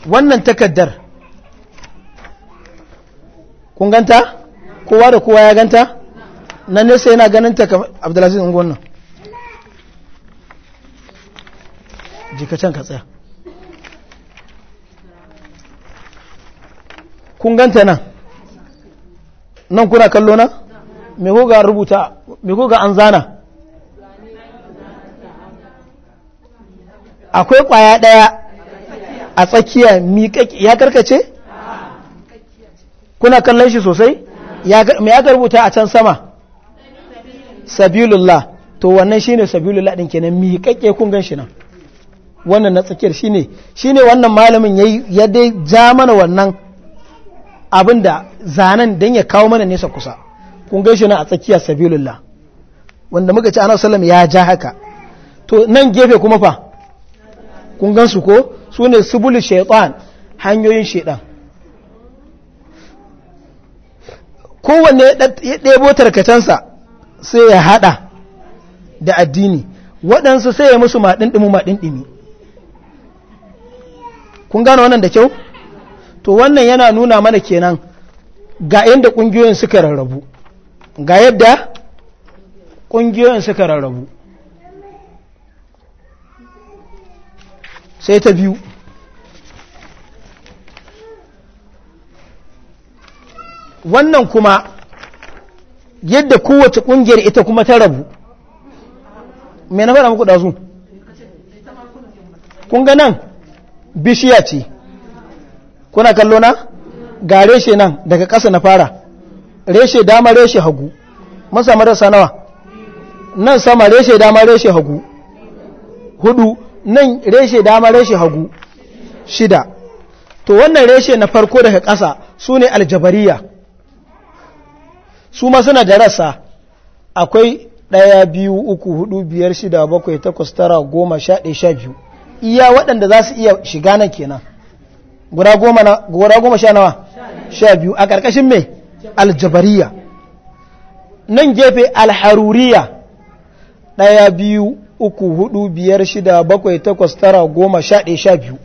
wannan takaddar kun ganta kowa da kowa ya ganta na nesa yana ganin ta abdulaziz ungon wannan jikacen ka tsaya kun ganta nan nan kuna kallo nan mai koga rubuta mai koga an zana akwai kwaya daya a tsakiya ya karkace? kuna kallon shi sosai? mai aka rubuta a can sama? sabilullah to wannan shi ne sabilullah ɗin kenan miƙaƙe kun gan shi nan wannan na tsakiyar shi ne shi ne wannan malamin ya dai ja mana wannan abin da zanen don ya kawo mana nesa kusa kun gan shi nan a tsakiya sabilullah wanda muka ci ana salam ya ja haka to nan gefe kuma fa kun gan su ko su ne subulu shaitan hanyoyin shaitan kowanne ya ɗebo tarkacensa sai ya haɗa da addini waɗansu sai ya musu maɗinɗimu maɗinɗimi kun gano wannan da kyau to wannan yana nuna mana kenan ga yadda ƙungiyoyin suka rarrabu ga yadda ƙungiyoyin suka rarrabu sai ta biyu wannan kuma yadda kowace ƙungiyar ita kuma ta rabu mai na fara muku ɗazu kunga nan bishiya ce kuna kallo na ga reshe nan daga ƙasa na fara reshe dama reshe hagu mun marasa nawa nan sama reshe dama reshe hagu hudu nan reshe dama reshe hagu shida to wannan reshe na farko daga ƙasa su ne aljabariya su ma suna da rasa akwai ɗaya biyu uku hudu biyar shida bakwai takwas tara goma sha ɗaya sha biyu iya waɗanda za su iya shiga nan kenan guda goma sha nawa sha biyu a ƙarƙashin mai aljabariya nan gefe alharuriya ɗaya biyu uku hudu biyar shida bakwai takwas tara goma sha ɗaya sha biyu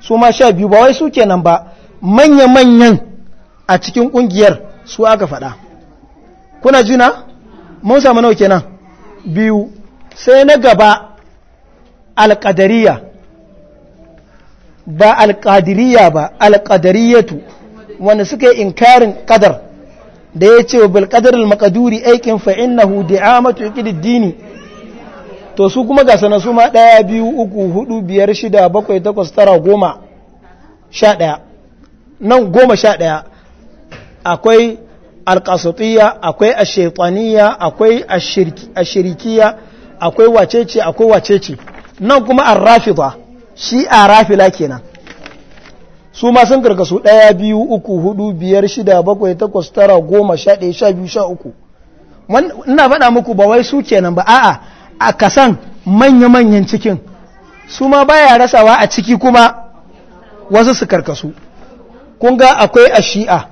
su ma sha biyu ba wai su kenan ba manya-manyan a cikin ƙungiyar su aka faɗa kuna jina mun samu nau kenan biyu sai na gaba alƙadariya ba alƙadiriya ba alƙadariyatu wanda suka yi inkarin ƙadar da ya ce wa bilƙadar al makaduri aikin fa'in na hudu a matuƙi dini to su kuma ga sanar su ma ɗaya biyu uku hudu biyar shida bakwai takwas tara goma sha ɗaya nan goma sha ɗaya akwai alƙasatiyya akwai ashaitaniyya akwai ashirikiyya akwai wacece akwai wacece nan kuma a arrafida shi a arafila kenan su ma sun karkasu ɗaya biyu uku hudu biyar shida bakwai takwas tara goma sha ɗaya sha biyu sha uku ina faɗa muku ba wai su kenan ba a'a a kasan manya-manyan cikin su ma baya rasawa a ciki kuma wasu su karkasu kun ga akwai a shi'a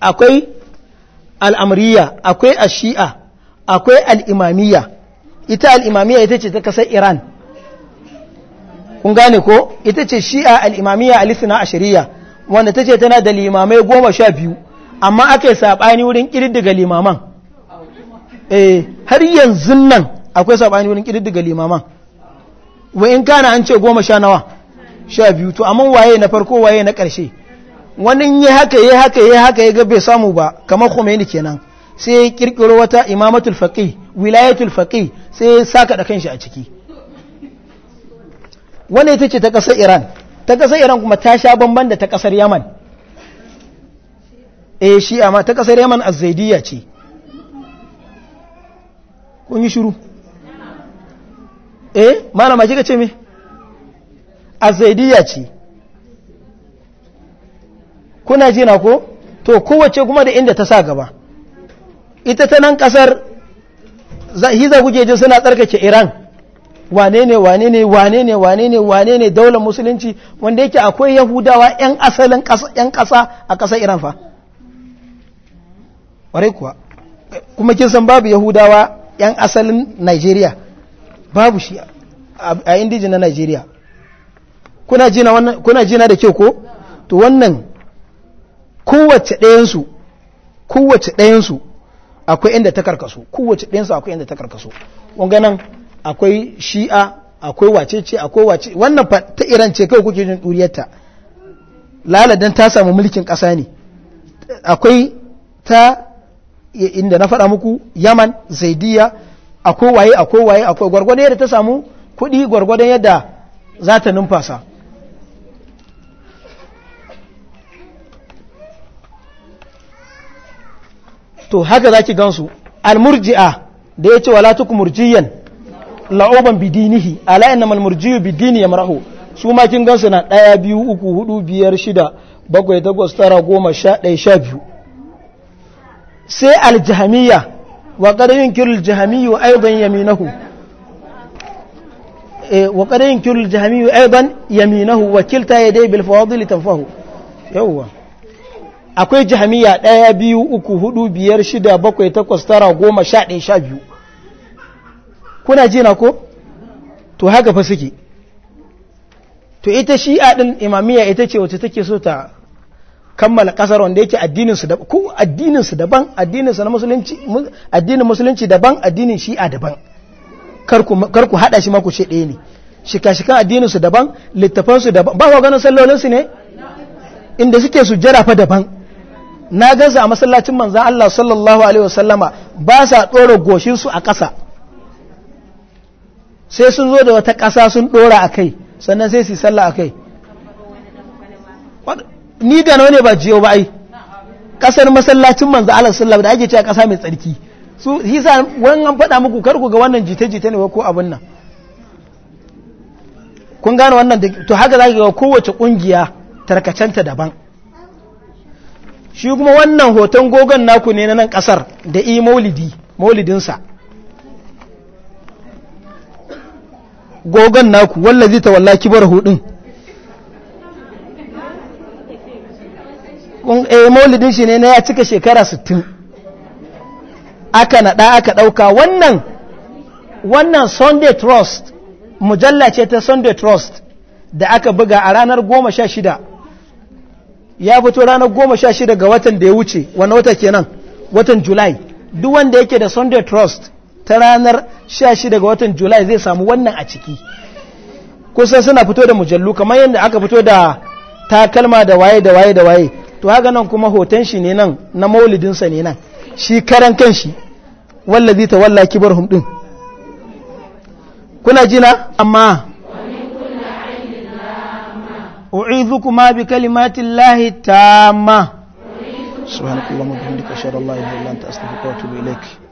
akwai al'amriya akwai a shi'a akwai al'imamiya ita al'imamiya ita ce ta kasar iran kun gane ko ita ce shi'a al'imamiya alisina a shari'a wanda ta ce tana da limamai goma sha biyu amma aka yi saɓani wurin daga limaman eh har yanzu nan akwai sabani wurin kididdiga limaman wa in kana an ce goma sha nawa sha biyu to amma waye na farko waye na ƙarshe wani ya haka ya haka ya haka ya ga bai samu ba kamar Khomeini kenan sai ya kirkiro wata imamatul Faƙi, wilayatul Faƙi, sai ya saka da kanshi a ciki Wani ita ce ta ƙasar Iran ta ƙasar Iran kuma ta sha bambam da ta ƙasar Yaman E, eh, shi amma ta ƙasar Yaman az-Zaidiyya ce kun yi shiru eh malama kika ce me azaidiya ce kuna jina ko to kowace kuma da inda ta sa gaba ita ta nan kasar hiza kuke jin suna tsarkake iran wane ne wane ne wane ne wane ne wane ne daular musulunci wanda yake akwai yahudawa 'yan asalin 'yan kasa a kasar iran fa kuma kin san babu yahudawa 'yan asalin Nigeria babu shi a indijin na Nigeria kuna jina da kyau ko to wannan kowace ɗayensu kowace ɗayansu akwai inda ta karkaso kowace ɗayansu akwai inda ta karkaso wanganan akwai shi'a akwai wacece akwai wace wannan ta iran ce kai kuke jin ɗuriyarta laladan ta samu mulkin ƙasa ne akwai ta inda na faɗa muku yaman zaidiya kowaye waye akwai a kowaye gwargwadon yadda ta samu kuɗi gwargwadon yadda za ta numfasa to haka za ki gansu almurji'a da ya ce wala latuk murjiyan la'uban bidinihi ala na malmurjiyu bidini ya marahu su makin gansu na ɗaya biyu uku hudu biyar shida bakwai takwas tara goma sha ɗaya sha biyu sai aljihamiya wa ƙarayin kirul jihamiyu aiban yaminahu wa ƙarayin kirul jihamiyu aiban yaminahu wakilta ya dai bilfawadili tamfahu yawwa akwai jihamiya ɗaya biyu uku hudu biyar shida bakwai takwas tara goma sha ɗaya sha biyu kuna jina ko to haka fa suke to ita shi'a ɗin imamiya ita ce wacce take so ta kammala kasar wanda yake addininsu daban ko addininsu daban addininsu na musulunci addinin musulunci daban addinin shi'a daban kar ku haɗa shi ma ku ce ɗaya ne shika-shikan addininsu daban littafansu daban ba ku ganin sallolinsu ne inda suke su jira fa daban na su a masallacin manzan Allah sallallahu alaihi wasallama ba sa ɗora goshinsu a ƙasa sai sun zo da wata ƙasa sun ɗora a kai sannan sai su sallah a kai ni da nawa ne ba jiyo ba ai kasar masallacin manzo Allah sallallahu da ake cewa kasa mai tsarki su hisa wani an faɗa muku kar ku ga wannan jita-jita ne ko abin nan kun gane wannan to haka zaka ga kowace kungiya tarkacenta daban shi kuma wannan hoton gogon naku ne na nan kasar da i maulidi sa gogon naku wallazi wallaki kibar hudin eh maulidin shi ne na ya cika shekara 60 aka naɗa aka ɗauka wannan wannan sunday trust mujalla ce ta sunday trust da aka buga a ranar 16 ya fito ranar 16 ga watan da ya wuce wani wata kenan watan july duk wanda yake da sunday trust ta ranar 16 ga watan july zai samu wannan a ciki kusan suna fito da mujallu kamar yadda aka fito da takalma da waye da waye da waye to haka nan kuma hoton shi ne nan na maulidinsa ne nan shi karan kanshi wallazi ta walla kibar ɗin. kuna jina amma أعيذكما بكلمات الله تامة سبحانك اللهم وبحمدك